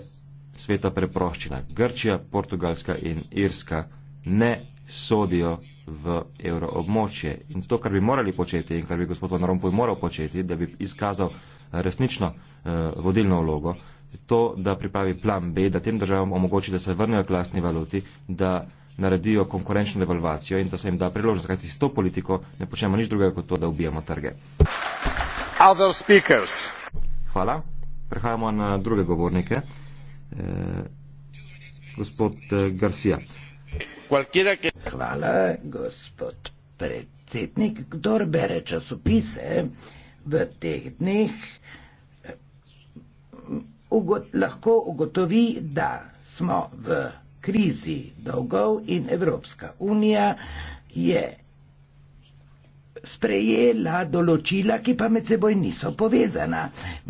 sveta preproščina. Grčija, Portugalska in Irska ne sodijo v evroobmočje. In to, kar bi morali početi in kar bi gospod Van Rompuy moral početi, da bi izkazal resnično eh, vodilno vlogo, to, da pripravi plan B, da tem državam omogoči, da se vrnejo k lastni valuti, da naredijo konkurenčno devalvacijo in da se jim da priložnost, kajti s to politiko ne počnemo nič drugega kot to, da ubijamo trge. Other speakers. Hvala. Prehajamo na druge govornike. Eh, gospod eh, Garcia. Cualquiera que... Hvala, gospod predsednik. Kdor bere časopise v teh dneh, ugo lahko ugotovi, da smo v krizi dolgov in Evropska unija je sprejela določila, ki pa med seboj niso povezana.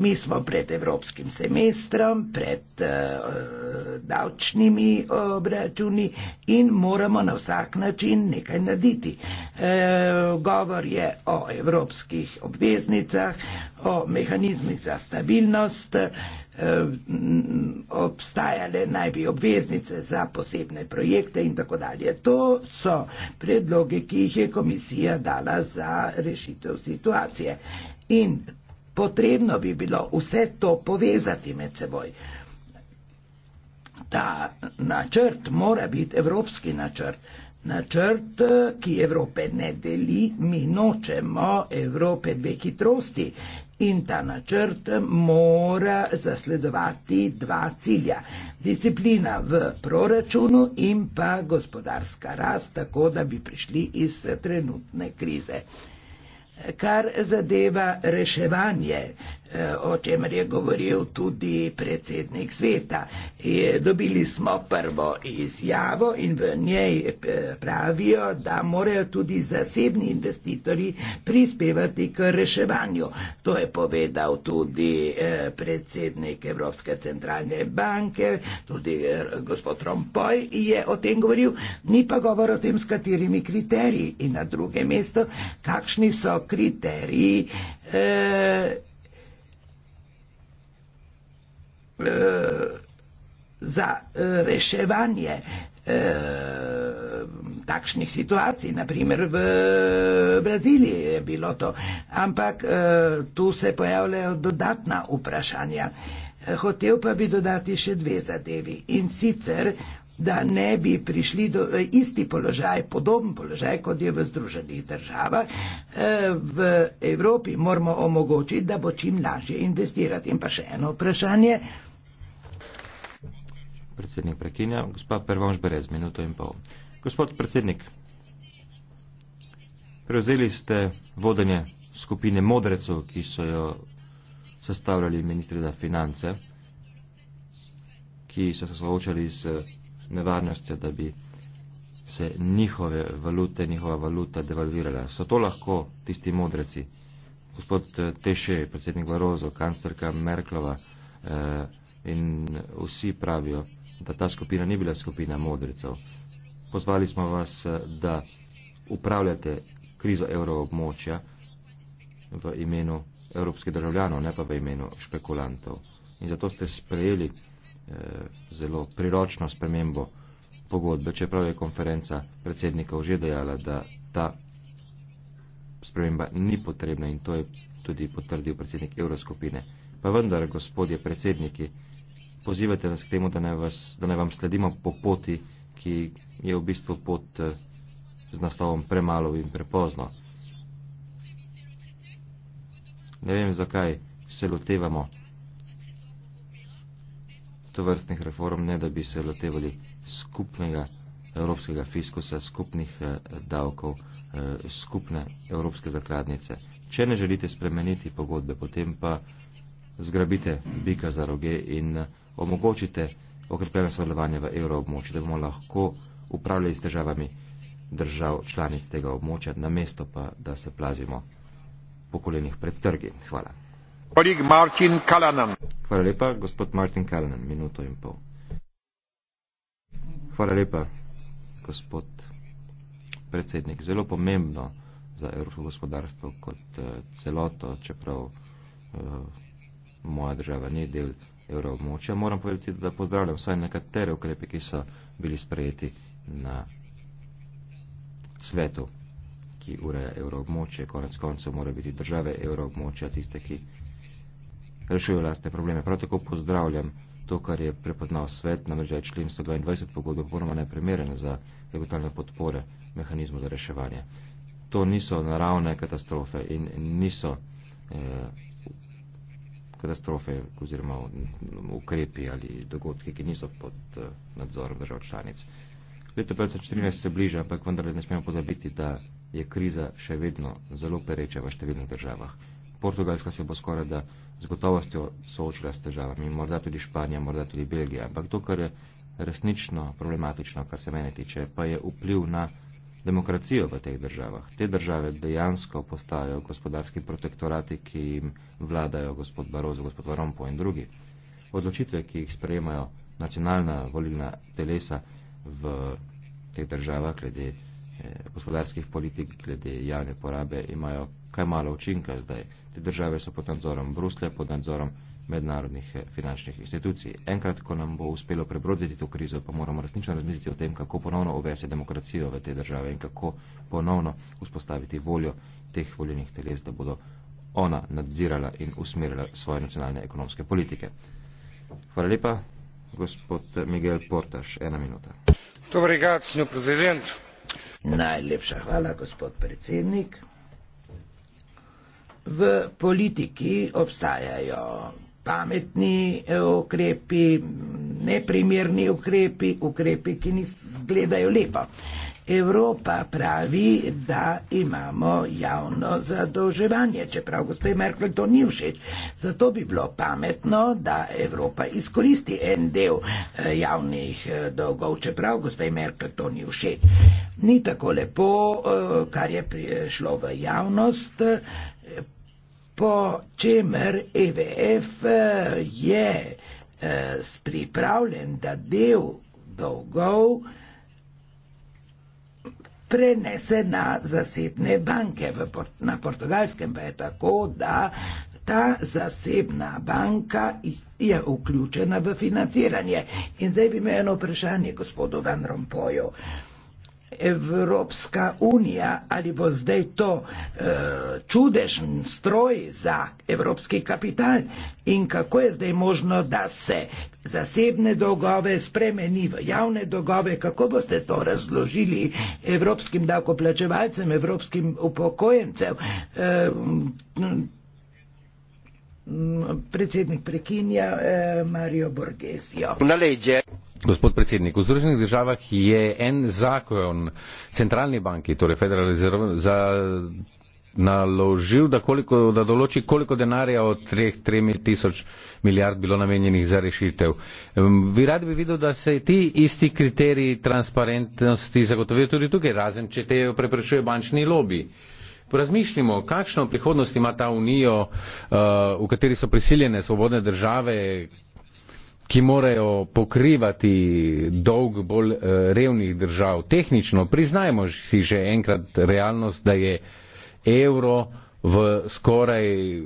Mi smo pred evropskim semestrom, pred uh, davčnimi obračuni in moramo na vsak način nekaj narediti. Uh, govor je o evropskih obveznicah, o mehanizmih za stabilnost. Uh, obstajale naj bi obveznice za posebne projekte in tako dalje. To so predloge, ki jih je komisija dala za rešitev situacije. In potrebno bi bilo vse to povezati med seboj. Ta načrt mora biti evropski načrt. Načrt, eh, ki Evrope ne deli, mi nočemo Evrope dve hitrosti, in ta načrt mora zasledovati dva cilja. Disciplina v proračunu in pa gospodarska rast, tako da bi prišli iz trenutne krize. Kar zadeva reševanje Eh, o čemer je govoril tudi predsednik sveta. Dobili smo prvo izjavo in v njej eh, pravijo, da morajo tudi zasebni investitorji prispevati k reševanju. To je povedal tudi eh, predsednik Evropske centralne banke, tudi gospod Rompoj je o tem govoril, ni pa govor o tem, s katerimi kriteriji in na drugem mestu, kakšni so kriteriji. Eh, Eh, za eh, reševanje eh, takšnih situacij, naprimer v Braziliji je bilo to, ampak tu se pojavljajo dodatna vprašanja. Hotev pa bi dodati še dve zadevi in sicer da ne bi prišli do eh, isti položaj, podoben položaj, kot je v Združenih državah. Eh, v Evropi moramo omogočiti, da bo čim lažje investirati. In pa še eno vprašanje. Predsednik prekinja, gospa Pervonš Berez, minuto in pol. Gospod predsednik, prevzeli ste vodenje skupine modrecov, ki so jo sestavljali ministri za finance, ki so se soočali z nevarnostjo, da bi se njihove valute, njihova valuta devalvirala. So to lahko tisti modreci, gospod eh, Teše, predsednik Barozo, kanclerka Merklova eh, in vsi pravijo, da ta skupina ni bila skupina modrecov. Pozvali smo vas, eh, da upravljate krizo evroobmočja v imenu evropskih državljanov, ne pa v imenu špekulantov. In zato ste sprejeli Eh, zelo priročno spremembo pogodbe, čeprav je konferenca predsednikov že dejala, da ta sprememba ni potrebna in to je tudi potrdil predsednik Evroskupine. Pa vendar, gospodje predsedniki, pozivate nas k temu, da naj, vas, da naj vam sledimo po poti, ki je v bistvu pot eh, z naslovom premalo in prepozno. Ne vem, zakaj se lotevamo to vrstnih reform, ne da bi se lotevali skupnega evropskega fiskusa, skupnih eh, davkov, eh, skupne evropske zakladnice. Če ne želite spremeniti pogodbe, potem pa zgrabite bika za roge in eh, omogočite okrepljeno sodelovanje v evroobmočju, da bomo lahko upravljali s težavami držav članic tega območja, namesto pa, da se plazimo po kolenih pred trgi. Hvala. Hvala lepa, gospod Martin Callanan, minuto in pol. Hvala lepa, gospod predsednik. Zelo pomembno za evropsko gospodarstvo kot eh, celoto, čeprav uh, moja država ni del evroobmočja. Moram povedati, da pozdravljam vsaj nekatere ukrepe, ki so bili sprejeti na svetu, ki ureja evroobmočje. Konec koncev mora biti države evroobmočja tiste, ki rešujejo lastne probleme. Prav tako pozdravljam to, kar je prepoznal svet, namreč je člen 122 pogodbe popolnoma nepremeren za zagotavljanje podpore mehanizmu za reševanje. To niso naravne katastrofe in niso eh, katastrofe oziroma ukrepi ali dogodki, ki niso pod eh, nadzorom držav članic. Leto 2014 se bliža, ampak vendar ne smemo pozabiti, da je kriza še vedno zelo pereča v številnih državah. Portugalska se bo skoraj da z gotovostjo soočila s težavami, morda tudi Španija, morda tudi Belgija. Ampak to, kar je resnično problematično, kar se meni tiče, pa je vpliv na demokracijo v teh državah. Te države dejansko postajajo gospodarski protektorati, ki jim vladajo gospod Barozo, gospod Varompo in drugi. Odločitve, ki jih sprejemajo nacionalna volilna telesa v teh državah, glede Eh, gospodarskih politik glede javne porabe imajo kaj malo učinka zdaj. Te države so pod nadzorom Bruslja, pod nadzorom mednarodnih eh, finančnih institucij. Enkrat, ko nam bo uspelo prebroditi to krizo, pa moramo resnično razmisliti o tem, kako ponovno uvesti demokracijo v te države in kako ponovno vzpostaviti voljo teh voljenih teles, da bodo ona nadzirala in usmerila svoje nacionalne ekonomske politike. Hvala lepa, gospod Miguel Portaš, ena minuta. Dobre, gad, Najlepša hvala, gospod predsednik. V politiki obstajajo pametni eh, ukrepi, neprimerni ukrepi, ukrepi, ki ni zgledajo lepo. Evropa pravi, da imamo javno zadolževanje, čeprav gospe Merkel to ni všeč. Zato bi bilo pametno, da Evropa izkoristi en del eh, javnih eh, dolgov, čeprav gospe Merkel to ni všeč ni tako lepo, eh, kar je prišlo v javnost, po čemer EVF eh, je eh, pripravljen, da del dolgov prenese na zasebne banke. Na portugalskem pa je tako, da ta zasebna banka je vključena v financiranje. In zdaj bi me eno vprašanje, gospodu Van Rompoju. Evropska unija ali bo zdaj to uh, čudežen stroj za evropski kapital in kako je zdaj možno, da se zasebne dolgove spremeni v javne dolgove, kako boste to razložili evropskim davkoplačevalcem, evropskem upokojencem. Uh, predsednik prekinja uh, Mario Borgesio. Gospod predsednik, v Združenih državah je en zakon centralni banki, torej Federal Reserve, za, naložil, da, koliko, da določi, koliko denarja od 3-3 tisoč milijard bilo namenjenih za rešitev. Vi radi bi videli, da se ti isti kriteriji transparentnosti zagotovijo tudi tukaj, razen če te preprečuje bančni lobby. Razmišljimo, kakšno prihodnost ima ta unijo, uh, v kateri so prisiljene svobodne države, ki morajo pokrivati dolg bolj uh, revnih držav. Tehnično priznajmo si že enkrat realnost, da je evro v skoraj eh,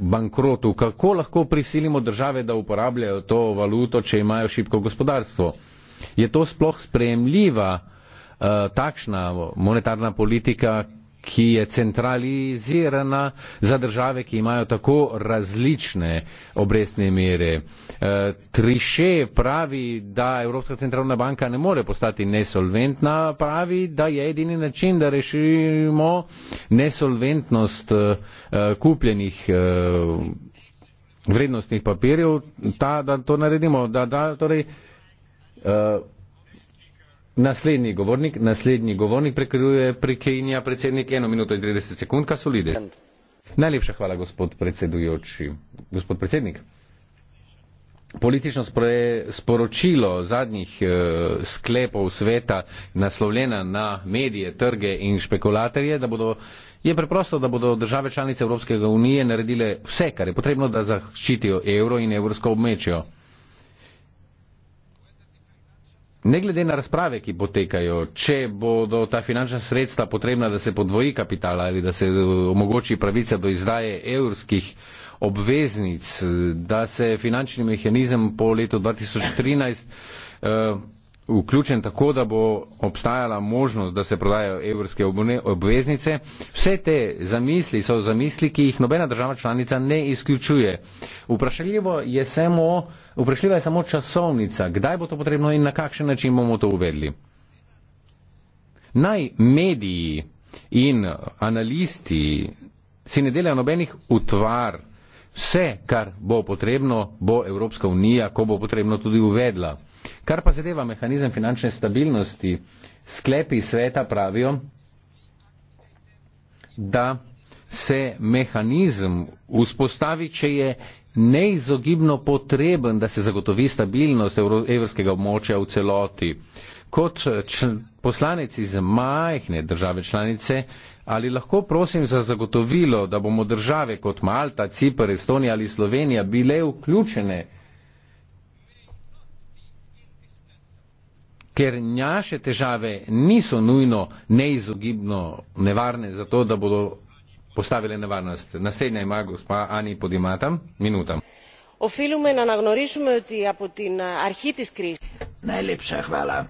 bankrotu. Kako lahko prisilimo države, da uporabljajo to valuto, če imajo šibko gospodarstvo? Je to sploh spremljiva uh, eh, takšna monetarna politika, ki je centralizirana za države, ki imajo tako različne obrestne mere. E, Triše pravi, da Evropska centralna banka ne more postati nesolventna, pravi, da je edini način, da rešimo nesolventnost e, kupljenih e, vrednostnih papirjev, ta, da to naredimo. Da, da, torej, Naslednji govornik, naslednji govornik prekrijuje prekinja predsednik 1 minuto in 30 sekund, kaj so lide. Najlepša hvala, gospod predsedujoči. Gospod predsednik, politično spre, sporočilo zadnjih e, sklepov sveta naslovljena na medije, trge in špekulatorje, da bodo, je preprosto, da bodo države članice Evropske unije naredile vse, kar je potrebno, da zaščitijo evro in evropsko obmečijo. Ne glede na razprave, ki potekajo, če bodo ta finančna sredstva potrebna, da se podvoji kapital ali da se uh, omogoči pravica do izdaje evrskih obveznic, da se finančni mehanizem po letu 2013 uh, vključen tako, da bo obstajala možnost, da se prodajo evropske obveznice. Vse te zamisli so zamisli, ki jih nobena država članica ne izključuje. Vprašljivo je samo, vprašljiva je samo časovnica, kdaj bo to potrebno in na kakšen način bomo to uvedli. Naj mediji in analisti si ne delajo nobenih utvar. Vse, kar bo potrebno, bo Evropska unija, ko bo potrebno, tudi uvedla. Kar pa zadeva mehanizem finančne stabilnosti, sklepi sveta pravijo, da se mehanizem vzpostavi, če je neizogibno potreben, da se zagotovi stabilnost evropskega območja v celoti. Kot poslanec iz majhne države članice, ali lahko prosim za zagotovilo, da bomo države kot Malta, Cipr, Estonija ali Slovenija bile vključene ker naše težave niso nujno neizogibno nevarne, zato da bodo postavile nevarnost. Naslednja ima gospa Ani Podimata, minuta. Ofilume na nagnorišume ti apotin eh, arhitis kriz. Najlepša hvala.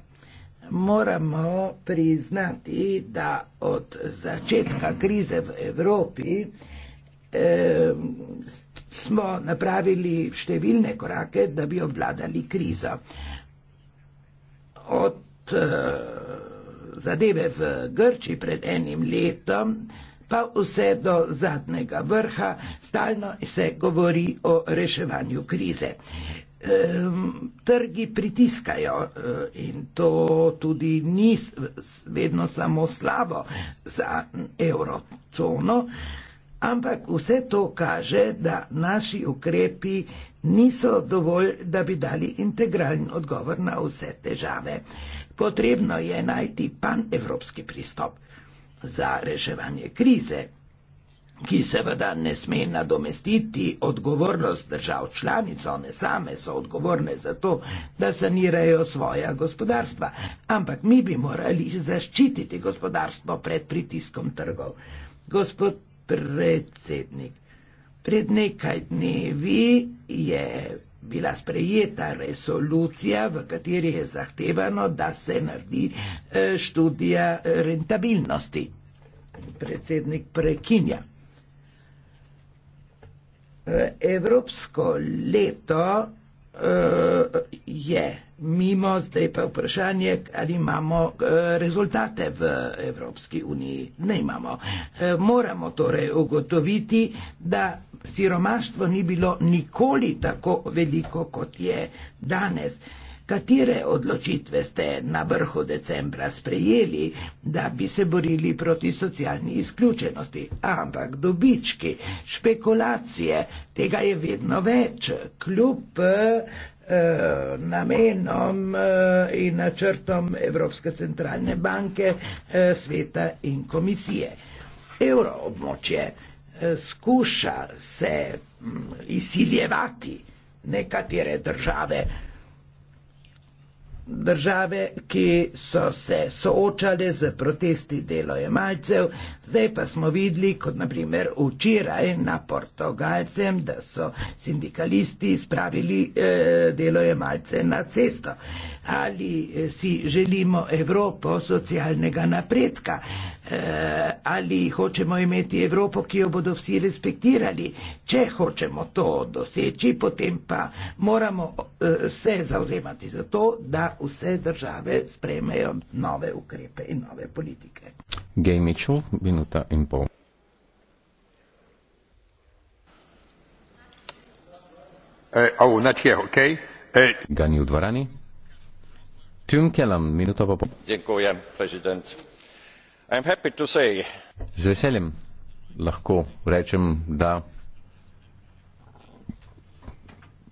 Moramo priznati, da od začetka krize v Evropi eh, smo napravili številne korake, da bi obvladali krizo od eh, zadeve v Grči pred enim letom, pa vse do zadnjega vrha, stalno se govori o reševanju krize. Trgi pritiskajo eh, in to tudi ni vedno samo slabo za eurocono, ampak vse to kaže, da naši ukrepi niso dovolj, da bi dali integralni odgovor na vse težave. Potrebno je najti panevropski pristop za reševanje krize, ki seveda ne sme nadomestiti odgovornost držav članic, one same so odgovorne za to, da sanirajo svoja gospodarstva, ampak mi bi morali zaščititi gospodarstvo pred pritiskom trgov. Gospod predsednik, Pred nekaj dnevi je bila sprejeta resolucija, v kateri je zahtevano, da se naredi e, študija e, rentabilnosti. Predsednik prekinja. E, evropsko leto Uh, je, mimo zdaj pa vprašanje, ali imamo uh, rezultate v Evropski uniji. Ne imamo. Uh, moramo torej ugotoviti, da siromaštvo ni bilo nikoli tako veliko, kot je danes. Uh, Katere odločitve ste na vrhu decembra sprejeli, da bi se borili proti socialni izključenosti? Ampak dobički, špekulacije, tega je vedno več, kljub eh, namenom eh, in načrtom Evropske centralne banke, eh, sveta in komisije. Evroobmočje eh, skuša se hm, izsiljevati nekatere države države, ki so se soočale z protesti delojemalcev, zdaj pa smo videli, kot naprimer včeraj na Portugalcem, da so sindikalisti spravili eh, delojemalce na cesto. Eh, ali eh, si želimo Evropo socialnega napredka, eh, ali hočemo imeti Evropo, ki jo bodo vsi respektirali. Če hočemo to doseči, potem pa moramo eh, se zauzemati za to, da vse države spremejo nove ukrepe in nove politike. Gejmičov, minuta in pol. Uh, oh, not here, okay? Uh, Gani u dvorani? z veseljem lahko rečem da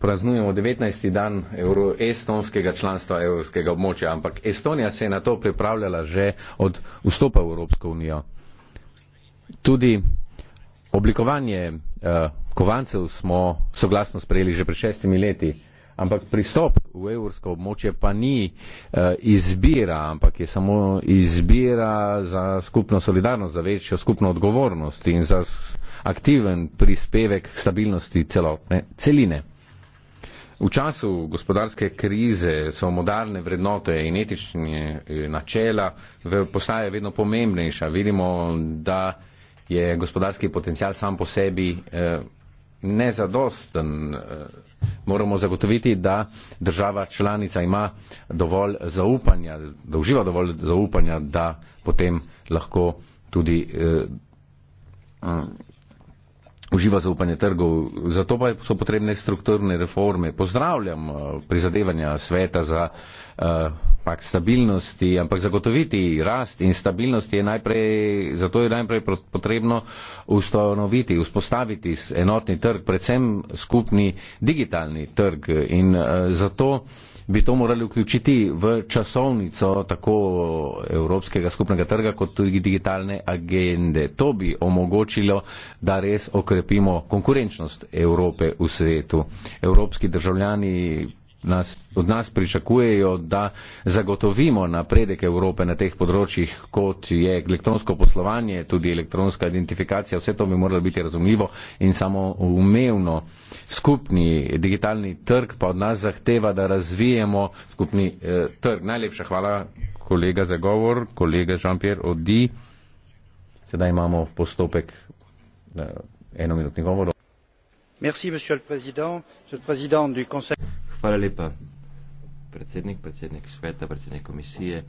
praznujemo devetnajst dan euro estonskega članstva evropskega območja ampak estonija se je na to pripravljala že od vstopa v evropsko unijo tudi oblikovanje uh, kovancev smo soglasno sprejeli že pred šestimi leti ampak pristop v evrsko območje pa ni eh, izbira, ampak je samo izbira za skupno solidarnost, za večjo skupno odgovornost in za aktiven prispevek k stabilnosti celotne celine. V času gospodarske krize so modalne vrednote in etične eh, načela postaje vedno pomembnejša. Vidimo, da je gospodarski potencial sam po sebi eh, nezadosten. Moramo zagotoviti, da država članica ima dovolj zaupanja, da uživa dovolj zaupanja, da potem lahko tudi eh, uživa zaupanje trgov. Zato pa so potrebne strukturne reforme. Pozdravljam eh, prizadevanja sveta za eh, uh, eh, pak stabilnosti, ampak zagotoviti rast in stabilnost je najprej, zato je najprej potrebno ustanoviti, vzpostaviti enotni trg, predvsem skupni digitalni trg in uh, zato bi to morali vključiti v časovnico tako Evropskega skupnega trga kot tudi digitalne agende. To bi omogočilo, da res okrepimo konkurenčnost Evrope v svetu. Evropski državljani nas, od nas pričakujejo, da zagotovimo napredek Evrope na teh področjih, kot je elektronsko poslovanje, tudi elektronska identifikacija, vse to bi moralo biti razumljivo in samo umevno. Skupni digitalni trg pa od nas zahteva, da razvijemo skupni eh, trg. Najlepša hvala, kolega za govor, kolega Jean-Pierre Odi. Sedaj imamo postopek eh, enominutnih govorov. Merci, monsieur le président, monsieur le président du conseil. Hvala lepa, predsednik, predsednik sveta, predsednik komisije.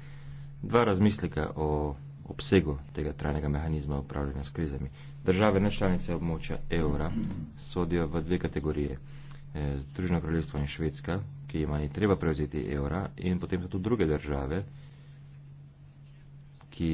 Dva razmislika o obsegu tega trajnega mehanizma upravljanja s krizami. Države nečlanice območja evra sodijo v dve kategorije. Eh, Združeno kraljestvo in Švedska, ki ima ni treba prevzeti evra, in potem so tu druge države, ki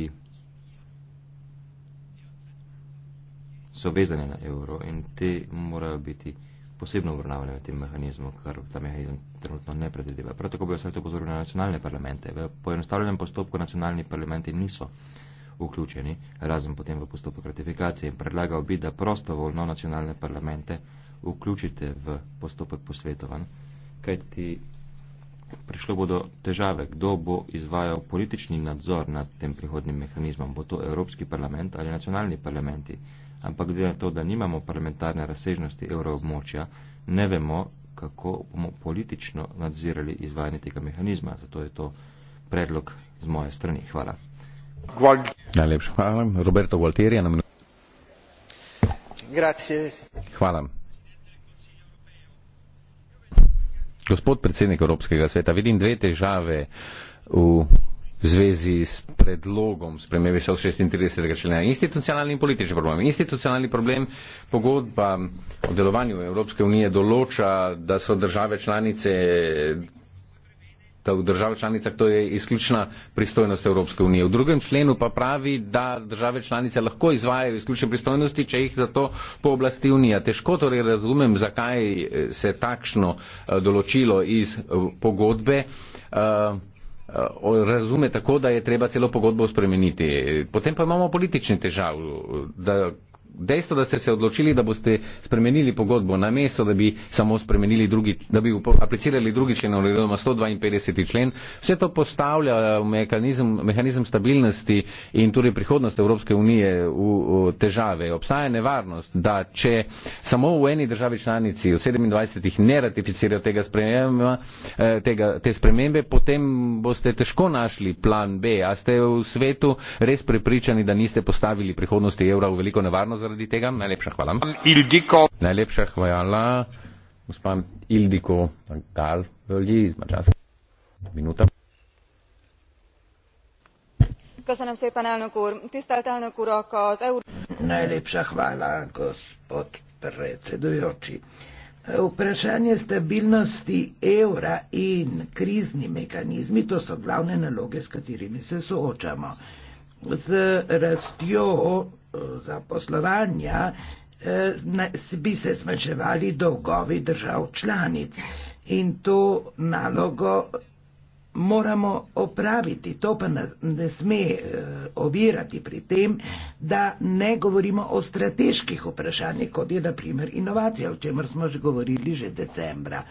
so vezane na evro in te morajo biti posebno obravnavanje v tem mehanizmu, kar ta mehanizem trenutno ne predvideva. Prav tako bi vas rad upozoril na nacionalne parlamente. V poenostavljenem postopku nacionalni parlamenti niso vključeni, razen potem v postopek ratifikacije in predlagal bi, da prostovoljno nacionalne parlamente vključite v postopek posvetovanj, kajti prišlo bo do težave, kdo bo izvajal politični nadzor nad tem prihodnim mehanizmom, bo to Evropski parlament ali nacionalni parlamenti ampak glede na to, da nimamo parlamentarne razsežnosti evroobmočja, ne vemo, kako bomo politično nadzirali izvajanje tega mehanizma. Zato je to predlog z moje strani. Hvala. Najlepša hvala. Roberto Gualtieri je nam. Grazie. Hvala. Gospod predsednik Evropskega sveta, vidim dve težave v v zvezi s predlogom spremembe 136. člena. Institucionalni in politični problem. Institucionalni problem pogodba o delovanju Evropske unije določa, da so države članice da v državah članicah to je izključna pristojnost Evropske unije. V drugem členu pa pravi, da države članice lahko izvajajo izključne pristojnosti, če jih za to pooblasti unija. Težko torej razumem, zakaj se takšno eh, določilo iz eh, pogodbe uh, Eh, razume tako, da je treba celo pogodbo spremeniti. Potem pa imamo politični težav, da dejstvo, da ste se odločili, da boste spremenili pogodbo na mesto, da bi samo spremenili drugi, da bi aplicirali drugi člen, ali redoma 152. člen, vse to postavlja eh, mehanizem, mehanizem stabilnosti in tudi prihodnost Evropske unije v, v težave. Obstaja nevarnost, da če samo v eni državi članici v 27. ne ratificirajo tega sprememba, eh, tega, te spremembe, potem boste težko našli plan B. A ste v svetu res prepričani, da niste postavili prihodnosti evra v veliko nevarnost? zaradi tega. Najlepša hvala. Ildiko. Najlepša hvala, gospod Ildiko Gal, ljudi iz Mačarske. Minuta. Köszönöm szépen, elnök úr. Tisztelt elnök úr, az EU... Najlepša hvala, gospod predsedujoči. Vprašanje stabilnosti evra in krizni mehanizmi, to so glavne naloge, s katerimi se soočamo. Z rastjo zaposlovanja, eh, bi se zmanjševali dolgovi držav članic. In to nalogo moramo opraviti, to pa ne sme eh, ovirati pri tem, da ne govorimo o strateških vprašanjih, kot je naprimer inovacija, o čemer smo že govorili že decembra.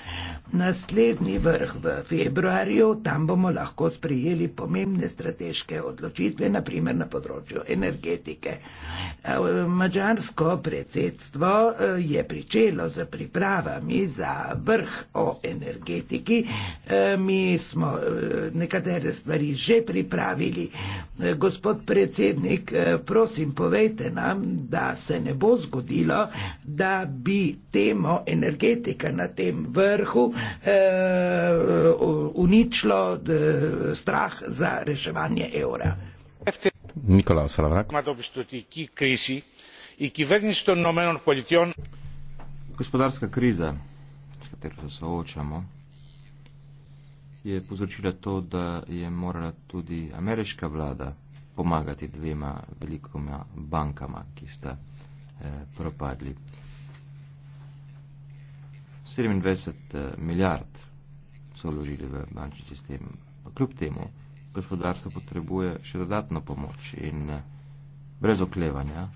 Naslednji vrh v februarju, tam bomo lahko sprejeli pomembne strateške odločitve, naprimer na področju energetike. Eh, Mačarsko predsedstvo eh, je pričelo z pripravami za vrh o energetiki. Mi smo Eh, nekatere stvari že pripravili. Eh, gospod predsednik, eh, prosim, povejte nam, da se ne bo zgodilo, da bi temo energetika na tem vrhu uh, uničilo uh, strah za reševanje evra. Nikolaus Salavrak. Gospodarska kriza, s katero se soočamo, je povzročila to, da je morala tudi ameriška vlada pomagati dvema velikoma bankama, ki sta eh, propadli. 27 eh, milijard so vložili v bančni sistem. Kljub temu, gospodarstvo potrebuje še dodatno pomoč in eh, brez oklevanja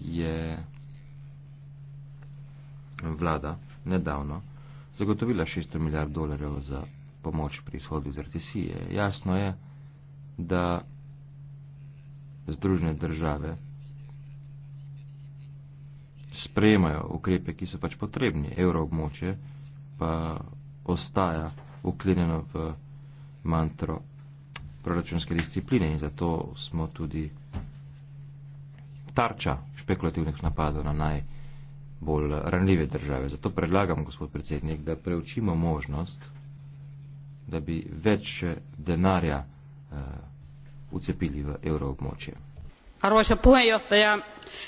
je vlada nedavno zagotovila 600 milijard dolarjev za pomoč pri izhodu iz recesije. Jasno je, da združne države sprejemajo ukrepe, ki so pač potrebni. Evroobmoče pa ostaja uklenjeno v mantro proračunske discipline in zato smo tudi tarča špekulativnih napadov na najbolj ranljive države. Zato predlagam, gospod predsednik, da preučimo možnost da bi več denarja uh, eh, ucepili v evroobmočje. Arvoisa puheenjohtaja,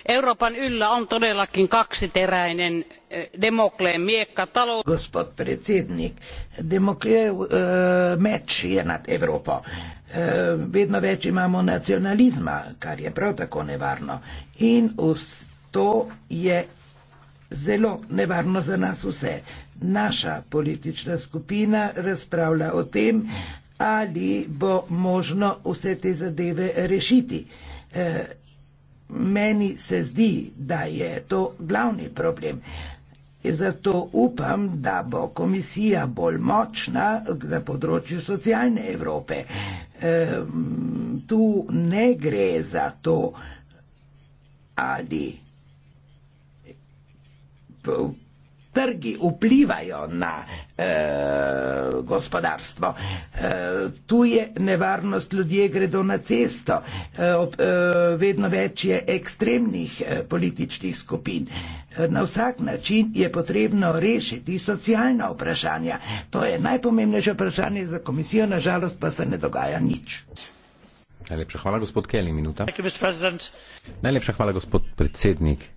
Euroopan yllä on todellakin kaksiteräinen eh, demokleen miekka talous. Gospod predsednik, demokleen uh, meč je nad Evropo. Uh, vedno več imamo nacionalizma, kar je prav tako nevarno. In to je zelo nevarno za nas vse naša politična skupina razpravlja o tem, ali bo možno vse te zadeve rešiti. E, meni se zdi, da je to glavni problem. Zato upam, da bo komisija bolj močna na področju socialne Evrope. E, tu ne gre za to, ali trgi vplivajo na eh, gospodarstvo. Eh, tu je nevarnost, ljudje gredo na cesto, eh, ob, eh, vedno več je ekstremnih eh, političnih skupin. Eh, na vsak način je potrebno rešiti socialna vprašanja. To je najpomembnejše vprašanje za komisijo, nažalost pa se ne dogaja nič. Najlepša hvala, gospod Kelly, minuta. Najlepša hvala, gospod predsednik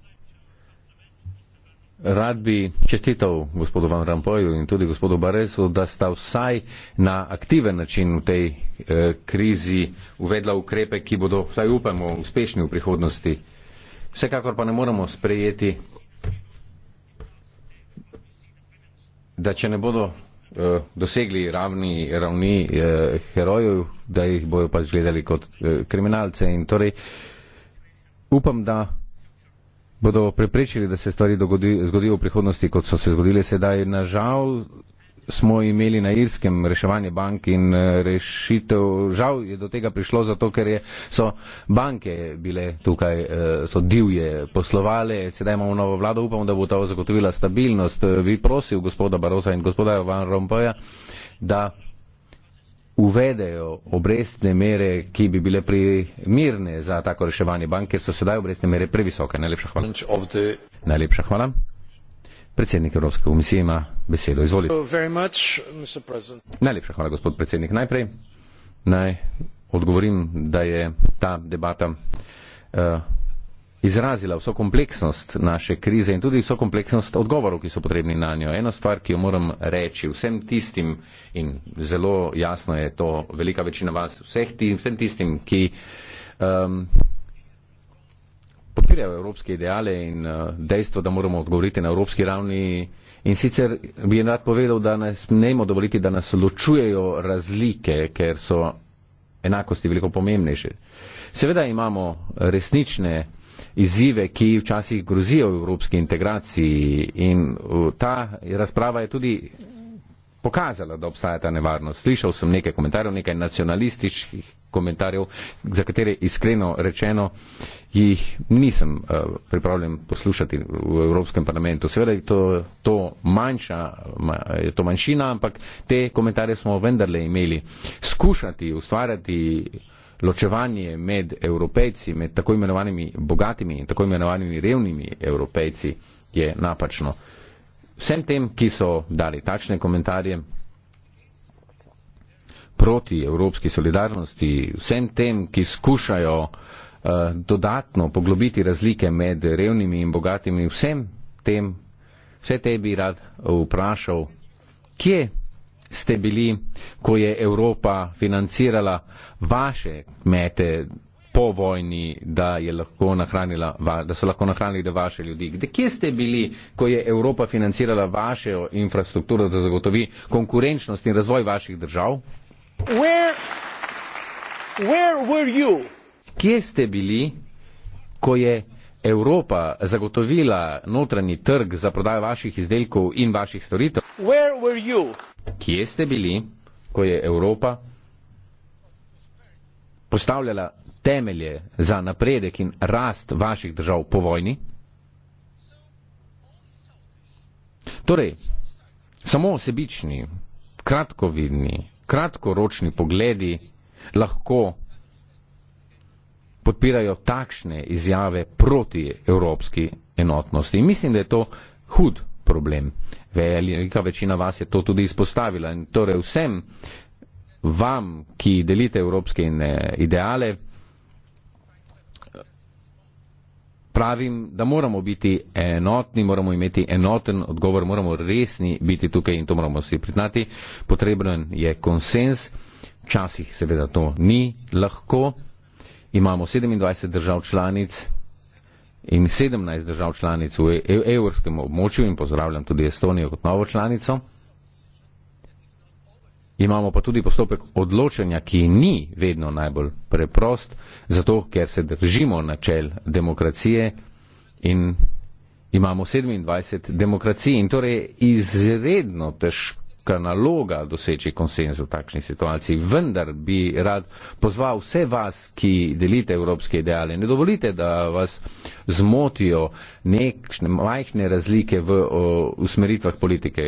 rad bi čestital gospodu Van Rampoju in tudi gospodu Baresu, da sta vsaj na aktiven način v tej eh, krizi uvedla ukrepe, ki bodo, vsaj upamo, uspešni v prihodnosti. Vsekakor pa ne moremo sprejeti, da če ne bodo eh, dosegli ravni, ravni eh, herojev, da jih bojo pač gledali kot eh, kriminalce. In torej upam, da bodo preprečili, da se stvari dogodijo zgodi v prihodnosti, kot so se zgodile sedaj. Nažal smo imeli na Irskem reševanje bank in eh, rešitev. Žal je do tega prišlo zato, ker je, so banke bile tukaj, eh, so divje poslovale. Sedaj imamo novo vlado, upamo, da bo ta zagotovila stabilnost. Vi eh, prosil gospoda Baroza in gospoda Van Rompoja, da uvedejo obrestne mere, ki bi bile primirne za tako reševanje banke, so sedaj obrestne mere previsoke. Najlepša hvala. The... Najlepša hvala. Predsednik Evropske komisije ima besedo. Izvolite. Much, Najlepša hvala, gospod predsednik. Najprej naj odgovorim, da je ta debata. Uh, izrazila vso kompleksnost naše krize in tudi vso kompleksnost odgovorov, ki so potrebni na njo. Ena stvar, ki jo moram reči vsem tistim in zelo jasno je to velika večina vas, tim, vsem tistim, ki um, podpirajo evropske ideale in uh, dejstvo, da moramo odgovoriti na evropski ravni. In sicer bi rad povedal, da nas ne smemo dovoliti, da nas ločujejo razlike, ker so enakosti veliko pomembnejše. Seveda imamo resnične izzive, ki včasih grozijo evropski integraciji in uh, ta razprava je tudi pokazala, da obstaja ta nevarnost. Slišal sem nekaj komentarjev, nekaj nacionalističnih komentarjev, za katere iskreno rečeno jih nisem uh, pripravljen poslušati v Evropskem parlamentu. Seveda je to, to manjša, je to manjšina, ampak te komentarje smo vendarle imeli. Skušati ustvarjati ločevanje med evropejci, med tako imenovanimi bogatimi in tako imenovanimi revnimi evropejci je napačno. Vsem tem, ki so dali takšne komentarje proti evropski solidarnosti, vsem tem, ki skušajo uh, dodatno poglobiti razlike med revnimi in bogatimi, vsem tem, vse te bi rad vprašal, kje ste bili, ko je Evropa financirala vaše kmete po vojni, da, lahko da so lahko nahranili vaše ljudi. Kje ste bili, ko je Evropa financirala vaše infrastrukturo, da zagotovi konkurenčnost in razvoj vaših držav? Where, where Kje ste bili, ko je Evropa zagotovila notranji trg za prodajo vaših izdelkov in vaših storitev? Kje ste bili? Kje ste bili, ko je Evropa postavljala temelje za napredek in rast vaših držav po vojni? Torej, samo osebični, kratkovidni, kratkoročni pogledi lahko podpirajo takšne izjave proti evropski enotnosti. Mislim, da je to hud problem. Velika večina vas je to tudi izpostavila. In torej vsem vam, ki delite evropske eh, ideale, pravim, da moramo biti enotni, moramo imeti enoten odgovor, moramo resni biti tukaj in to moramo vsi priznati. Potreben je konsens, včasih seveda to ni lahko. Imamo 27 držav članic, in 17 držav članic v e-, evropskem območju in pozdravljam tudi Estonijo kot novo članico. Imamo pa tudi postopek odločanja, ki ni vedno najbolj preprost, zato ker se držimo načel demokracije in imamo 27 demokracij in torej izredno težko ka naloga doseči konsens v takšni situaciji. Vendar bi rad pozval vse vas, ki delite evropske ideale. Ne dovolite, da vas zmotijo nekšne majhne razlike v usmeritvah politike.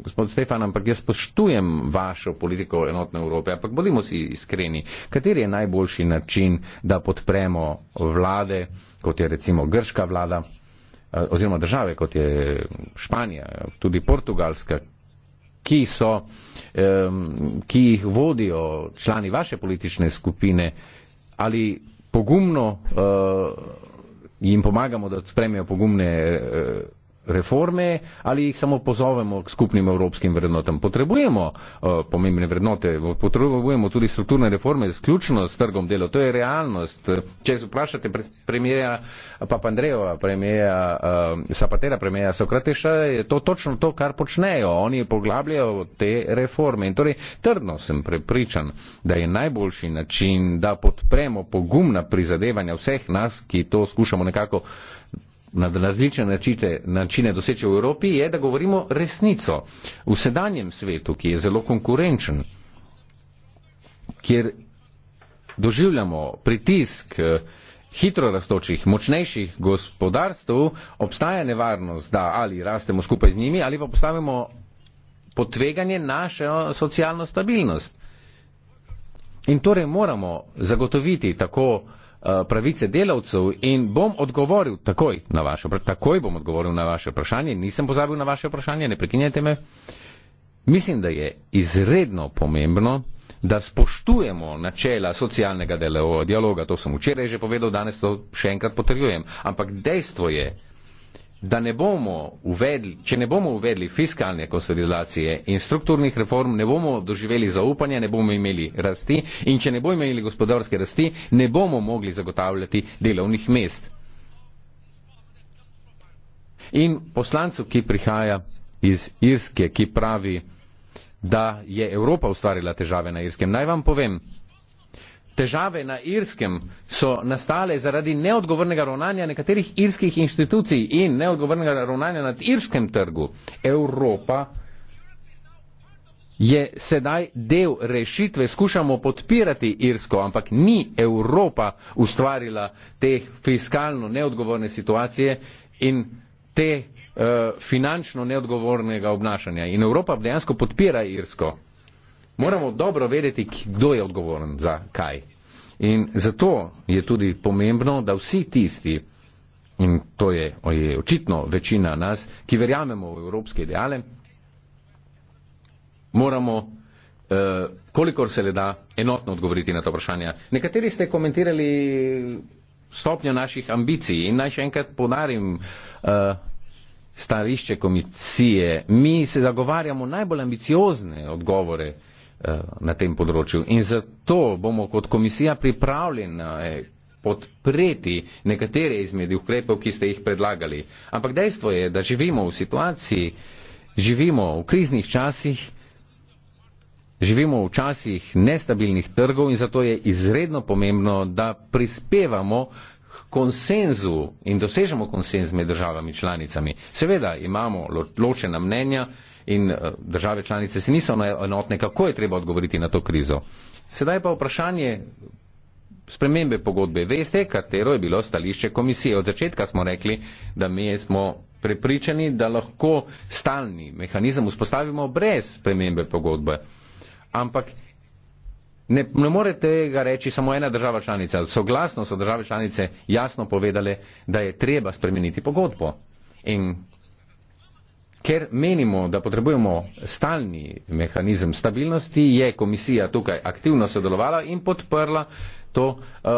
Gospod Stefan, ampak jaz poštujem vašo politiko enotne Evrope, ampak bodimo si iskreni, kateri je najboljši način, da podpremo vlade, kot je recimo grška vlada? Eh, oziroma države, kot je Španija, tudi Portugalska, ki, so, ki jih vodijo člani vaše politične skupine, ali pogumno eh, jim pomagamo, da spremijo pogumne eh, reforme ali jih samo pozovemo k skupnim evropskim vrednotam. Potrebujemo uh, pomembne vrednote, potrebujemo tudi strukturne reforme, sključno s trgom dela. To je realnost. Če se vprašate premijera Papandreova, premijera uh, eh, Zapatera, premijera Sokrateša, je to točno to, kar počnejo. Oni poglabljajo te reforme. In torej trdno sem prepričan, da je najboljši način, da podpremo pogumna prizadevanja vseh nas, ki to skušamo nekako na različne načite, načine doseči v Evropi, je, da govorimo resnico. V sedanjem svetu, ki je zelo konkurenčen, kjer doživljamo pritisk eh, hitro rastočih, močnejših gospodarstv, obstaja nevarnost, da ali rastemo skupaj z njimi, ali pa postavimo potveganje naše eh, socialno stabilnost. In torej moramo zagotoviti tako Eh, pravice delavcev in bom odgovoril takoj na vaše, takoj bom odgovoril na vaše vprašanje, nisem pozabil na vaše vprašanje, ne prekinjajte me. Mislim, da je izredno pomembno, da spoštujemo načela socialnega dialoga, to sem včeraj že povedal, danes to še enkrat potrjujem, ampak dejstvo je, da ne bomo uvedli, če ne bomo uvedli fiskalne konsolidacije in strukturnih reform, ne bomo doživeli zaupanja, ne bomo imeli rasti in če ne bomo imeli gospodarske rasti, ne bomo mogli zagotavljati delovnih mest. In poslancu, ki prihaja iz Irske, ki pravi, da je Evropa ustvarila težave na Irskem, naj vam povem, Težave na Irskem so nastale zaradi neodgovornega ravnanja nekaterih irskih institucij in neodgovornega ravnanja nad irskem trgu. Evropa je sedaj del rešitve, skušamo podpirati Irsko, ampak ni Evropa ustvarila te fiskalno neodgovorne situacije in te uh, finančno neodgovornega obnašanja. In Evropa dejansko podpira Irsko moramo dobro vedeti, kdo je odgovoren za kaj. In zato je tudi pomembno, da vsi tisti, in to je, je očitno večina nas, ki verjamemo v evropske ideale, moramo eh, kolikor se le da enotno odgovoriti na to vprašanje. Nekateri ste komentirali stopnjo naših ambicij in naj še enkrat podarim eh, stališče komisije. Mi se zagovarjamo najbolj ambiciozne odgovore eh, Eh, na tem področju. In zato bomo kot komisija pripravljena podpreti nekatere izmed ukrepov, ki ste jih predlagali. Ampak dejstvo je, da živimo v situaciji, živimo v kriznih časih, živimo v časih nestabilnih trgov in zato je izredno pomembno, da prispevamo konsenzu in dosežemo konsenz med državami članicami. Seveda imamo ločena mnenja, in eh, države članice se niso enotne, kako je treba odgovoriti na to krizo. Sedaj pa vprašanje spremembe pogodbe. Veste, katero je bilo stališče komisije? Od začetka smo rekli, da mi smo prepričani, da lahko stalni mehanizem vzpostavimo brez spremembe pogodbe. Ampak ne, ne more tega reči samo ena država članica. Soglasno so države članice jasno povedale, da je treba spremeniti pogodbo. In Ker menimo, da potrebujemo stalni mehanizem stabilnosti, je komisija tukaj aktivno sodelovala in podprla to uh,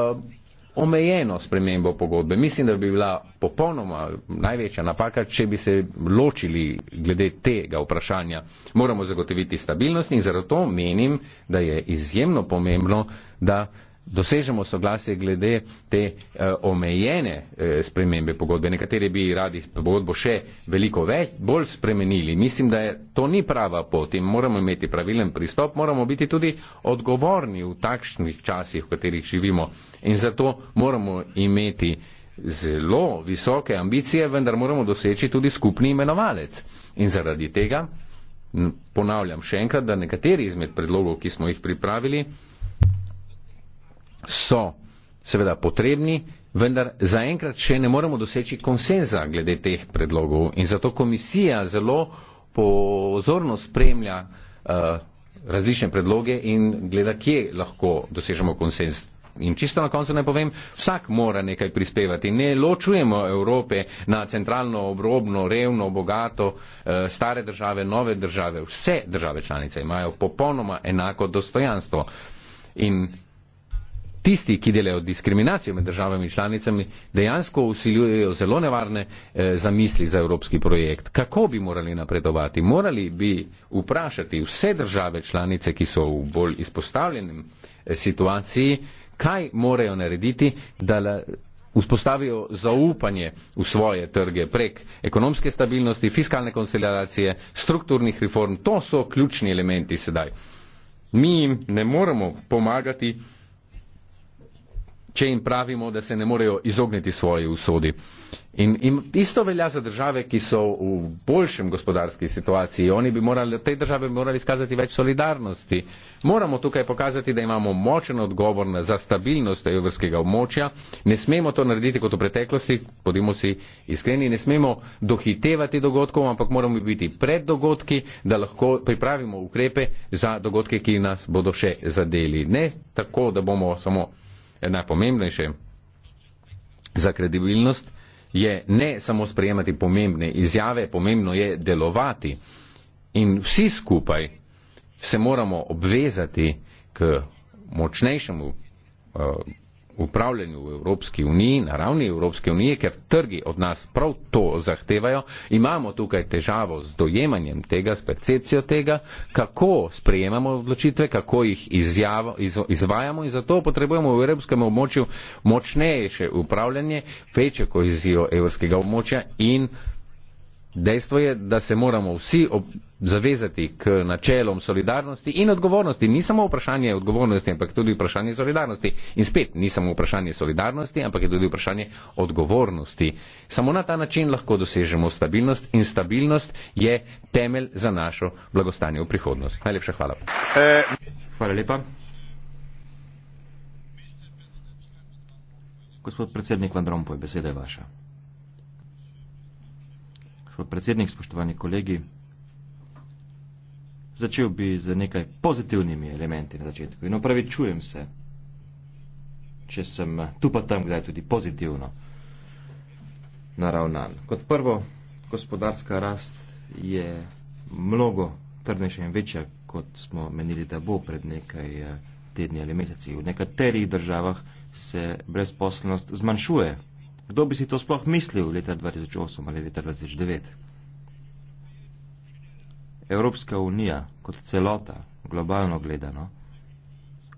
omejeno spremembo pogodbe. Mislim, da bi bila popolnoma največja napaka, če bi se ločili glede tega vprašanja. Moramo zagotoviti stabilnost in zato menim, da je izjemno pomembno, da uh, dosežemo soglasje glede te e, omejene e, spremembe pogodbe. Nekateri bi radi pogodbo še veliko več, bolj spremenili. Mislim, da je, to ni prava pot in moramo imeti pravilen pristop, moramo biti tudi odgovorni v takšnih časih, v katerih živimo. In zato moramo imeti zelo visoke ambicije, vendar moramo doseči tudi skupni imenovalec. In zaradi tega ponavljam še enkrat, da nekateri izmed predlogov, ki smo jih pripravili, so seveda potrebni, vendar zaenkrat še ne moremo doseči konsenza glede teh predlogov in zato komisija zelo pozorno spremlja uh, različne predloge in gleda, kje lahko dosežemo konsens. In čisto na koncu naj povem, vsak mora nekaj prispevati. Ne ločujemo Evrope na centralno, obrobno, revno, bogato, eh, stare države, nove države. Vse države članice imajo popolnoma enako dostojanstvo. In tisti, ki delajo diskriminacijo med državami članicami, dejansko usiljujejo zelo nevarne eh, zamisli za evropski projekt. Kako bi morali napredovati? Morali bi vprašati vse države članice, ki so v bolj izpostavljenem eh, situaciji, kaj morajo narediti, da la, vzpostavijo zaupanje v svoje trge prek ekonomske stabilnosti, fiskalne konsolidacije, strukturnih reform. To so ključni elementi sedaj. Mi jim ne moremo pomagati, če jim pravimo, da se ne morejo izogniti svoji usodi. In, in isto velja za države, ki so v boljšem gospodarski situaciji. Oni bi morali, te države bi morali skazati več solidarnosti. Moramo tukaj pokazati, da imamo močen odgovor za stabilnost evropskega območja. Ne smemo to narediti kot v preteklosti, podimo si iskreni, ne smemo dohitevati dogodkov, ampak moramo biti pred dogodki, da lahko pripravimo ukrepe za dogodke, ki nas bodo še zadeli. Ne tako, da bomo samo najpomembnejše za kredibilnost, je ne samo sprejemati pomembne izjave, pomembno je delovati. In vsi skupaj se moramo obvezati k močnejšemu uh, upravljanju v Evropski uniji, na ravni Evropske unije, ker trgi od nas prav to zahtevajo, imamo tukaj težavo z dojemanjem tega, s percepcijo tega, kako sprejemamo odločitve, kako jih izjavo, iz, izvajamo in zato potrebujemo v Evropskem območju močnejše upravljanje, večjo kohezijo Evropskega območja in Dejstvo je, da se moramo vsi zavezati k načelom solidarnosti in odgovornosti. Ni samo vprašanje odgovornosti, ampak tudi vprašanje solidarnosti. In spet, ni samo vprašanje solidarnosti, ampak je tudi vprašanje odgovornosti. Samo na ta način lahko dosežemo stabilnost in stabilnost je temelj za našo blagostanje v prihodnost. Najlepša hvala. E, hvala lepa. Gospod predsednik Vandrompoj, beseda je vaša gospod predsednik, spoštovani kolegi. Začel bi z nekaj pozitivnimi elementi na začetku in opravičujem se, če sem tu pa tam, kdaj tudi pozitivno naravnan. Kot prvo, gospodarska rast je mnogo trdnejša in večja, kot smo menili, da bo pred nekaj eh, tedni ali meseci. V nekaterih državah se brezposlenost zmanjšuje Kdo bi si to sploh mislil leta 2008 ali leta 2009? Evropska unija kot celota, globalno gledano,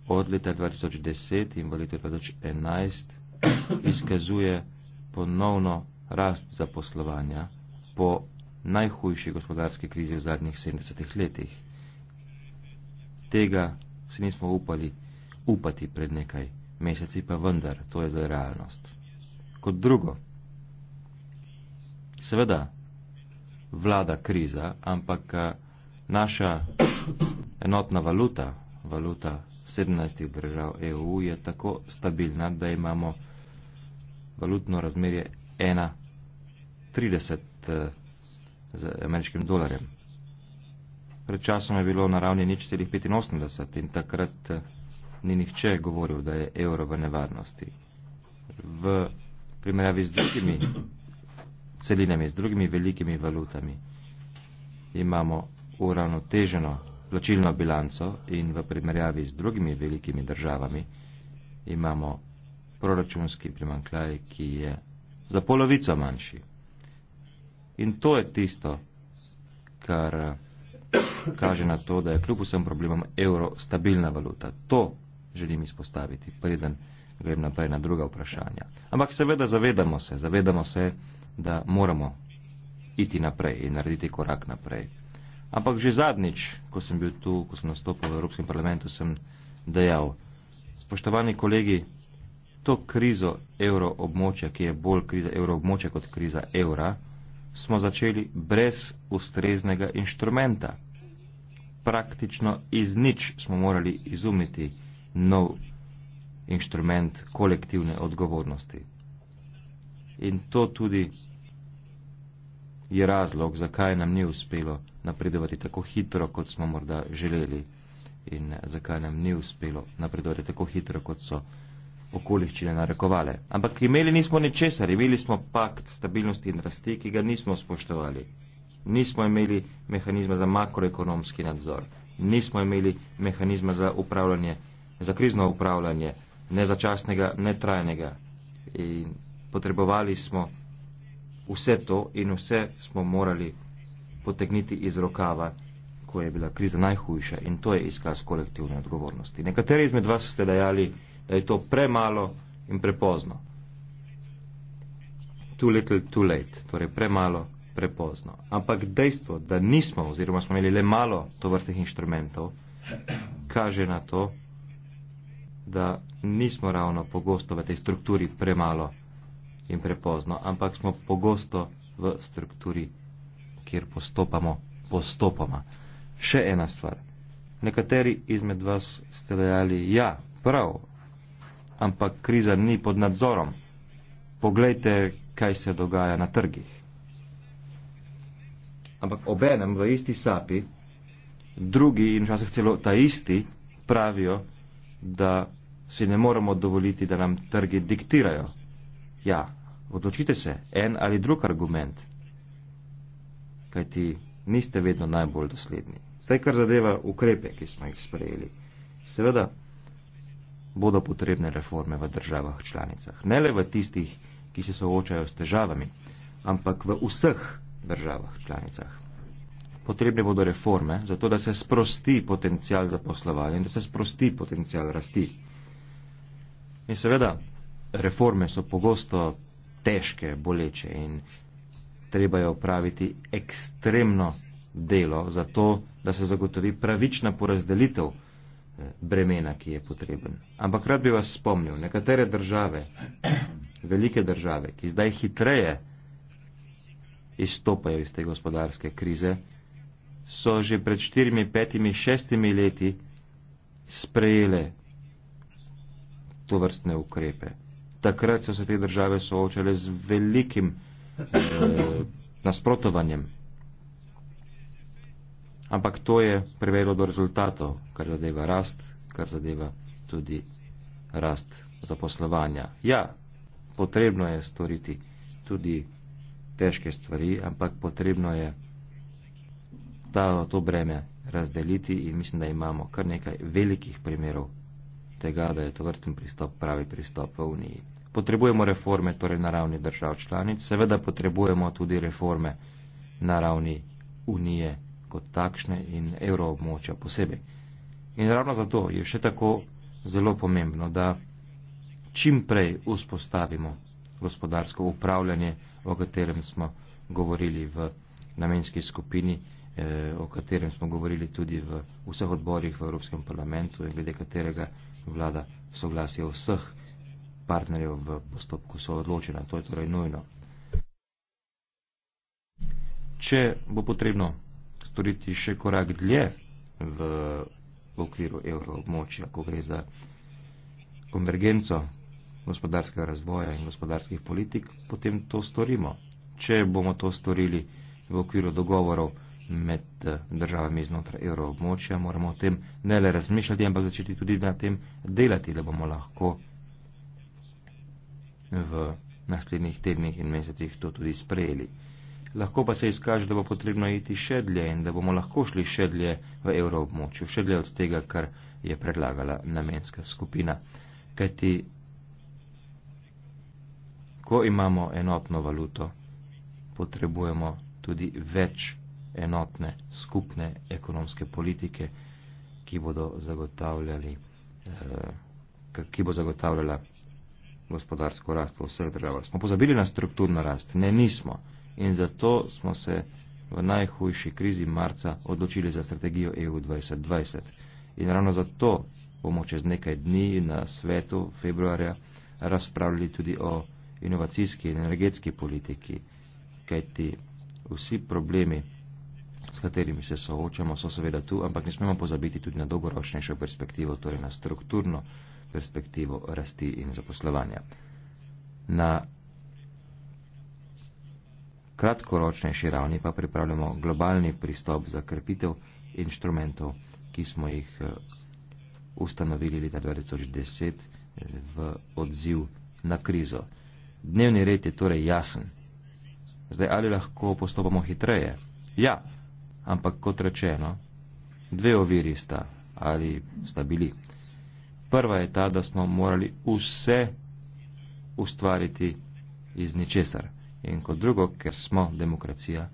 od leta 2010 in v letu 2011 izkazuje ponovno rast zaposlovanja po najhujši gospodarski krizi v zadnjih 70 letih. Tega si nismo upali upati pred nekaj meseci, pa vendar, to je zdaj realnost kot drugo. Seveda vlada kriza, ampak eh, naša enotna valuta, valuta 17 držav EU je tako stabilna, da imamo valutno razmerje 1,30 eh, z ameriškim dolarjem. Pred časom je bilo na ravni 0,85 in takrat eh, ni nihče govoril, da je evro v nevarnosti. V primerjavi z drugimi celinami, z drugimi velikimi valutami, imamo uravnoteženo plačilno bilanco in v primerjavi z drugimi velikimi državami imamo proračunski primankljaj, ki je za polovico manjši. In to je tisto, kar kaže na to, da je kljub vsem problemom evro stabilna valuta. To želim izpostaviti. Preden grem naprej na druga vprašanja. Ampak seveda zavedamo se, zavedamo se, da moramo iti naprej in narediti korak naprej. Ampak že zadnjič, ko sem bil tu, ko sem nastopil v Evropskem parlamentu, sem dejal, spoštovani kolegi, to krizo evroobmočja, ki je bolj kriza evroobmočja kot kriza evra, smo začeli brez ustreznega inštrumenta. Praktično iz nič smo morali izumiti nov inštrument kolektivne odgovornosti. In to tudi je razlog, zakaj nam ni uspelo napredovati tako hitro, kot smo morda želeli in zakaj nam ni uspelo napredovati tako hitro, kot so okoliščine narekovale. Ampak imeli nismo ničesar, imeli smo pakt stabilnosti in rasti, ki ga nismo spoštovali. Nismo imeli mehanizma za makroekonomski nadzor, nismo imeli mehanizma za upravljanje, za krizno upravljanje, nezačasnega, netrajnega. In potrebovali smo vse to in vse smo morali potegniti iz rokava, ko je bila kriza najhujša in to je izkaz kolektivne odgovornosti. Nekateri izmed vas ste dajali, da je to premalo in prepozno. Too little, too late, torej premalo, prepozno. Ampak dejstvo, da nismo oziroma smo imeli le malo tovrstnih inštrumentov, kaže na to, da nismo ravno pogosto v tej strukturi premalo in prepozno, ampak smo pogosto v strukturi, kjer postopamo postopoma. Še ena stvar. Nekateri izmed vas ste dejali, ja, prav, ampak kriza ni pod nadzorom. Poglejte, kaj se dogaja na trgih. Ampak obenem v isti sapi drugi in včasih celo ta isti pravijo, da si ne moremo dovoliti, da nam trgi diktirajo. Ja, odločite se, en ali drug argument, kajti niste vedno najbolj dosledni. Zdaj, kar zadeva ukrepe, ki smo jih sprejeli, seveda bodo potrebne reforme v državah članicah. Ne le v tistih, ki se soočajo s težavami, ampak v vseh državah članicah potrebne bodo reforme, zato da se sprosti potencial zaposlovanja in da se sprosti potencial rasti. In seveda, reforme so pogosto težke, boleče in treba je opraviti ekstremno delo, zato da se zagotovi pravična porazdelitev eh, bremena, ki je potreben. Ampak rad bi vas spomnil, nekatere države, velike države, ki zdaj hitreje izstopajo iz te gospodarske krize, so že pred štirimi, petimi, šestimi leti sprejele to vrstne ukrepe. Takrat so se te države soočale z velikim eh, nasprotovanjem. Ampak to je privedlo do rezultatov, kar zadeva rast, kar zadeva tudi rast zaposlovanja. Ja, potrebno je storiti tudi težke stvari, ampak potrebno je dajo to breme razdeliti in mislim, da imamo kar nekaj velikih primerov tega, da je to vrten pristop pravi pristop v Uniji. Potrebujemo reforme torej na ravni držav članic, seveda potrebujemo tudi reforme na ravni Unije kot takšne in evroobmočja posebej. In ravno zato je še tako zelo pomembno, da čim prej vzpostavimo gospodarsko upravljanje, o katerem smo govorili v namenski skupini. Eh, o katerem smo govorili tudi v vseh odborih v Evropskem parlamentu in glede katerega vlada soglasje vseh partnerjev v postopku so odločena. To je torej nujno. Če bo potrebno storiti še korak dlje v okviru evroobmočja, ko gre za konvergenco gospodarskega razvoja in gospodarskih politik, potem to storimo. Če bomo to storili v okviru dogovorov, med eh, državami znotraj evroobmočja, moramo o tem ne le razmišljati, ampak začeti tudi na tem delati, da bomo lahko v naslednjih tednih in mesecih to tudi sprejeli. Lahko pa se izkaže, da bo potrebno iti še dlje in da bomo lahko šli še dlje v evroobmočju, še dlje od tega, kar je predlagala namenska skupina. Kajti, ko imamo enotno valuto, potrebujemo tudi več enotne skupne ekonomske politike, ki, bodo zagotavljali, eh, ki bo zagotavljala gospodarsko rast v vseh državah. Smo pozabili na strukturno rast? Ne, nismo. In zato smo se v najhujši krizi marca odločili za strategijo EU 2020. In ravno zato bomo čez nekaj dni na svetu februarja razpravljali tudi o inovacijski in energetski politiki, kajti vsi problemi, s katerimi se soočamo, so seveda tu, ampak ne smemo pozabiti tudi na dolgoročnejšo perspektivo, torej na strukturno perspektivo rasti in zaposlovanja. Na kratkoročnejši ravni pa pripravljamo globalni pristop za krepitev inštrumentov, ki smo jih eh, ustanovili leta 2010 v odziv na krizo. Dnevni red je torej jasen. Zdaj ali lahko postopamo hitreje? Ja, ampak kot rečeno, dve oviri sta ali sta bili. Prva je ta, da smo morali vse ustvariti iz ničesar. In kot drugo, ker smo demokracija,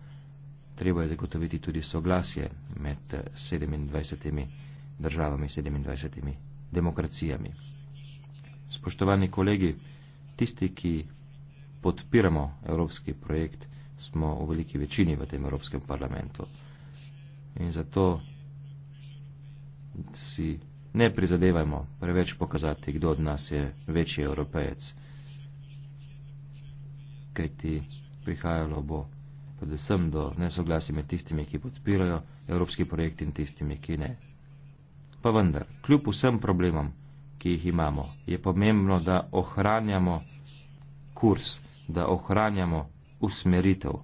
treba je zagotoviti tudi soglasje med 27 državami, 27 demokracijami. Spoštovani kolegi, tisti, ki podpiramo evropski projekt, smo v veliki večini v tem evropskem parlamentu. In zato si ne prizadevajmo preveč pokazati, kdo od nas je večji evropejec. Kaj ti prihajalo bo predvsem do nesoglasja med tistimi, ki podpirajo evropski projekt in tistimi, ki ne. Pa vendar, kljub vsem problemom, ki jih imamo, je pomembno, da ohranjamo kurs, da ohranjamo usmeritev.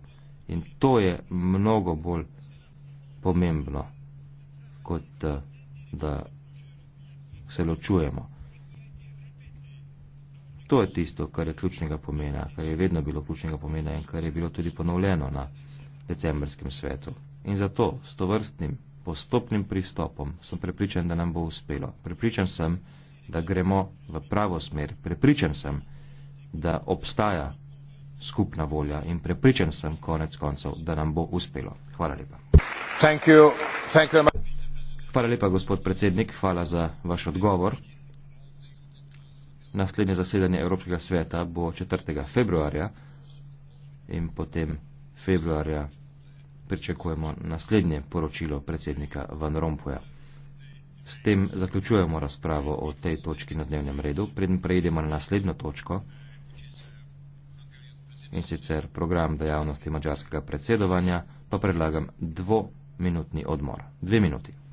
In to je mnogo bolj pomembno, kot da, eh, da se ločujemo. To je tisto, kar je ključnega pomena, kar je vedno bilo ključnega pomena in kar je bilo tudi ponovljeno na decembrskem svetu. In zato s to vrstnim postopnim pristopom sem prepričan, da nam bo uspelo. Prepričan sem, da gremo v pravo smer. Prepričan sem, da obstaja skupna volja in prepričan sem konec koncev, da nam bo uspelo. Hvala lepa. Hvala lepa, gospod predsednik. Hvala za vaš odgovor. Naslednje zasedanje Evropskega sveta bo 4. februarja in potem februarja pričakujemo naslednje poročilo predsednika Van Rompuja. S tem zaključujemo razpravo o tej točki na dnevnem redu. Preden prejdemo na naslednjo točko in sicer program dejavnosti mađarskega predsedovanja, pa predlagam dvo minutni odmor. Dve minuti.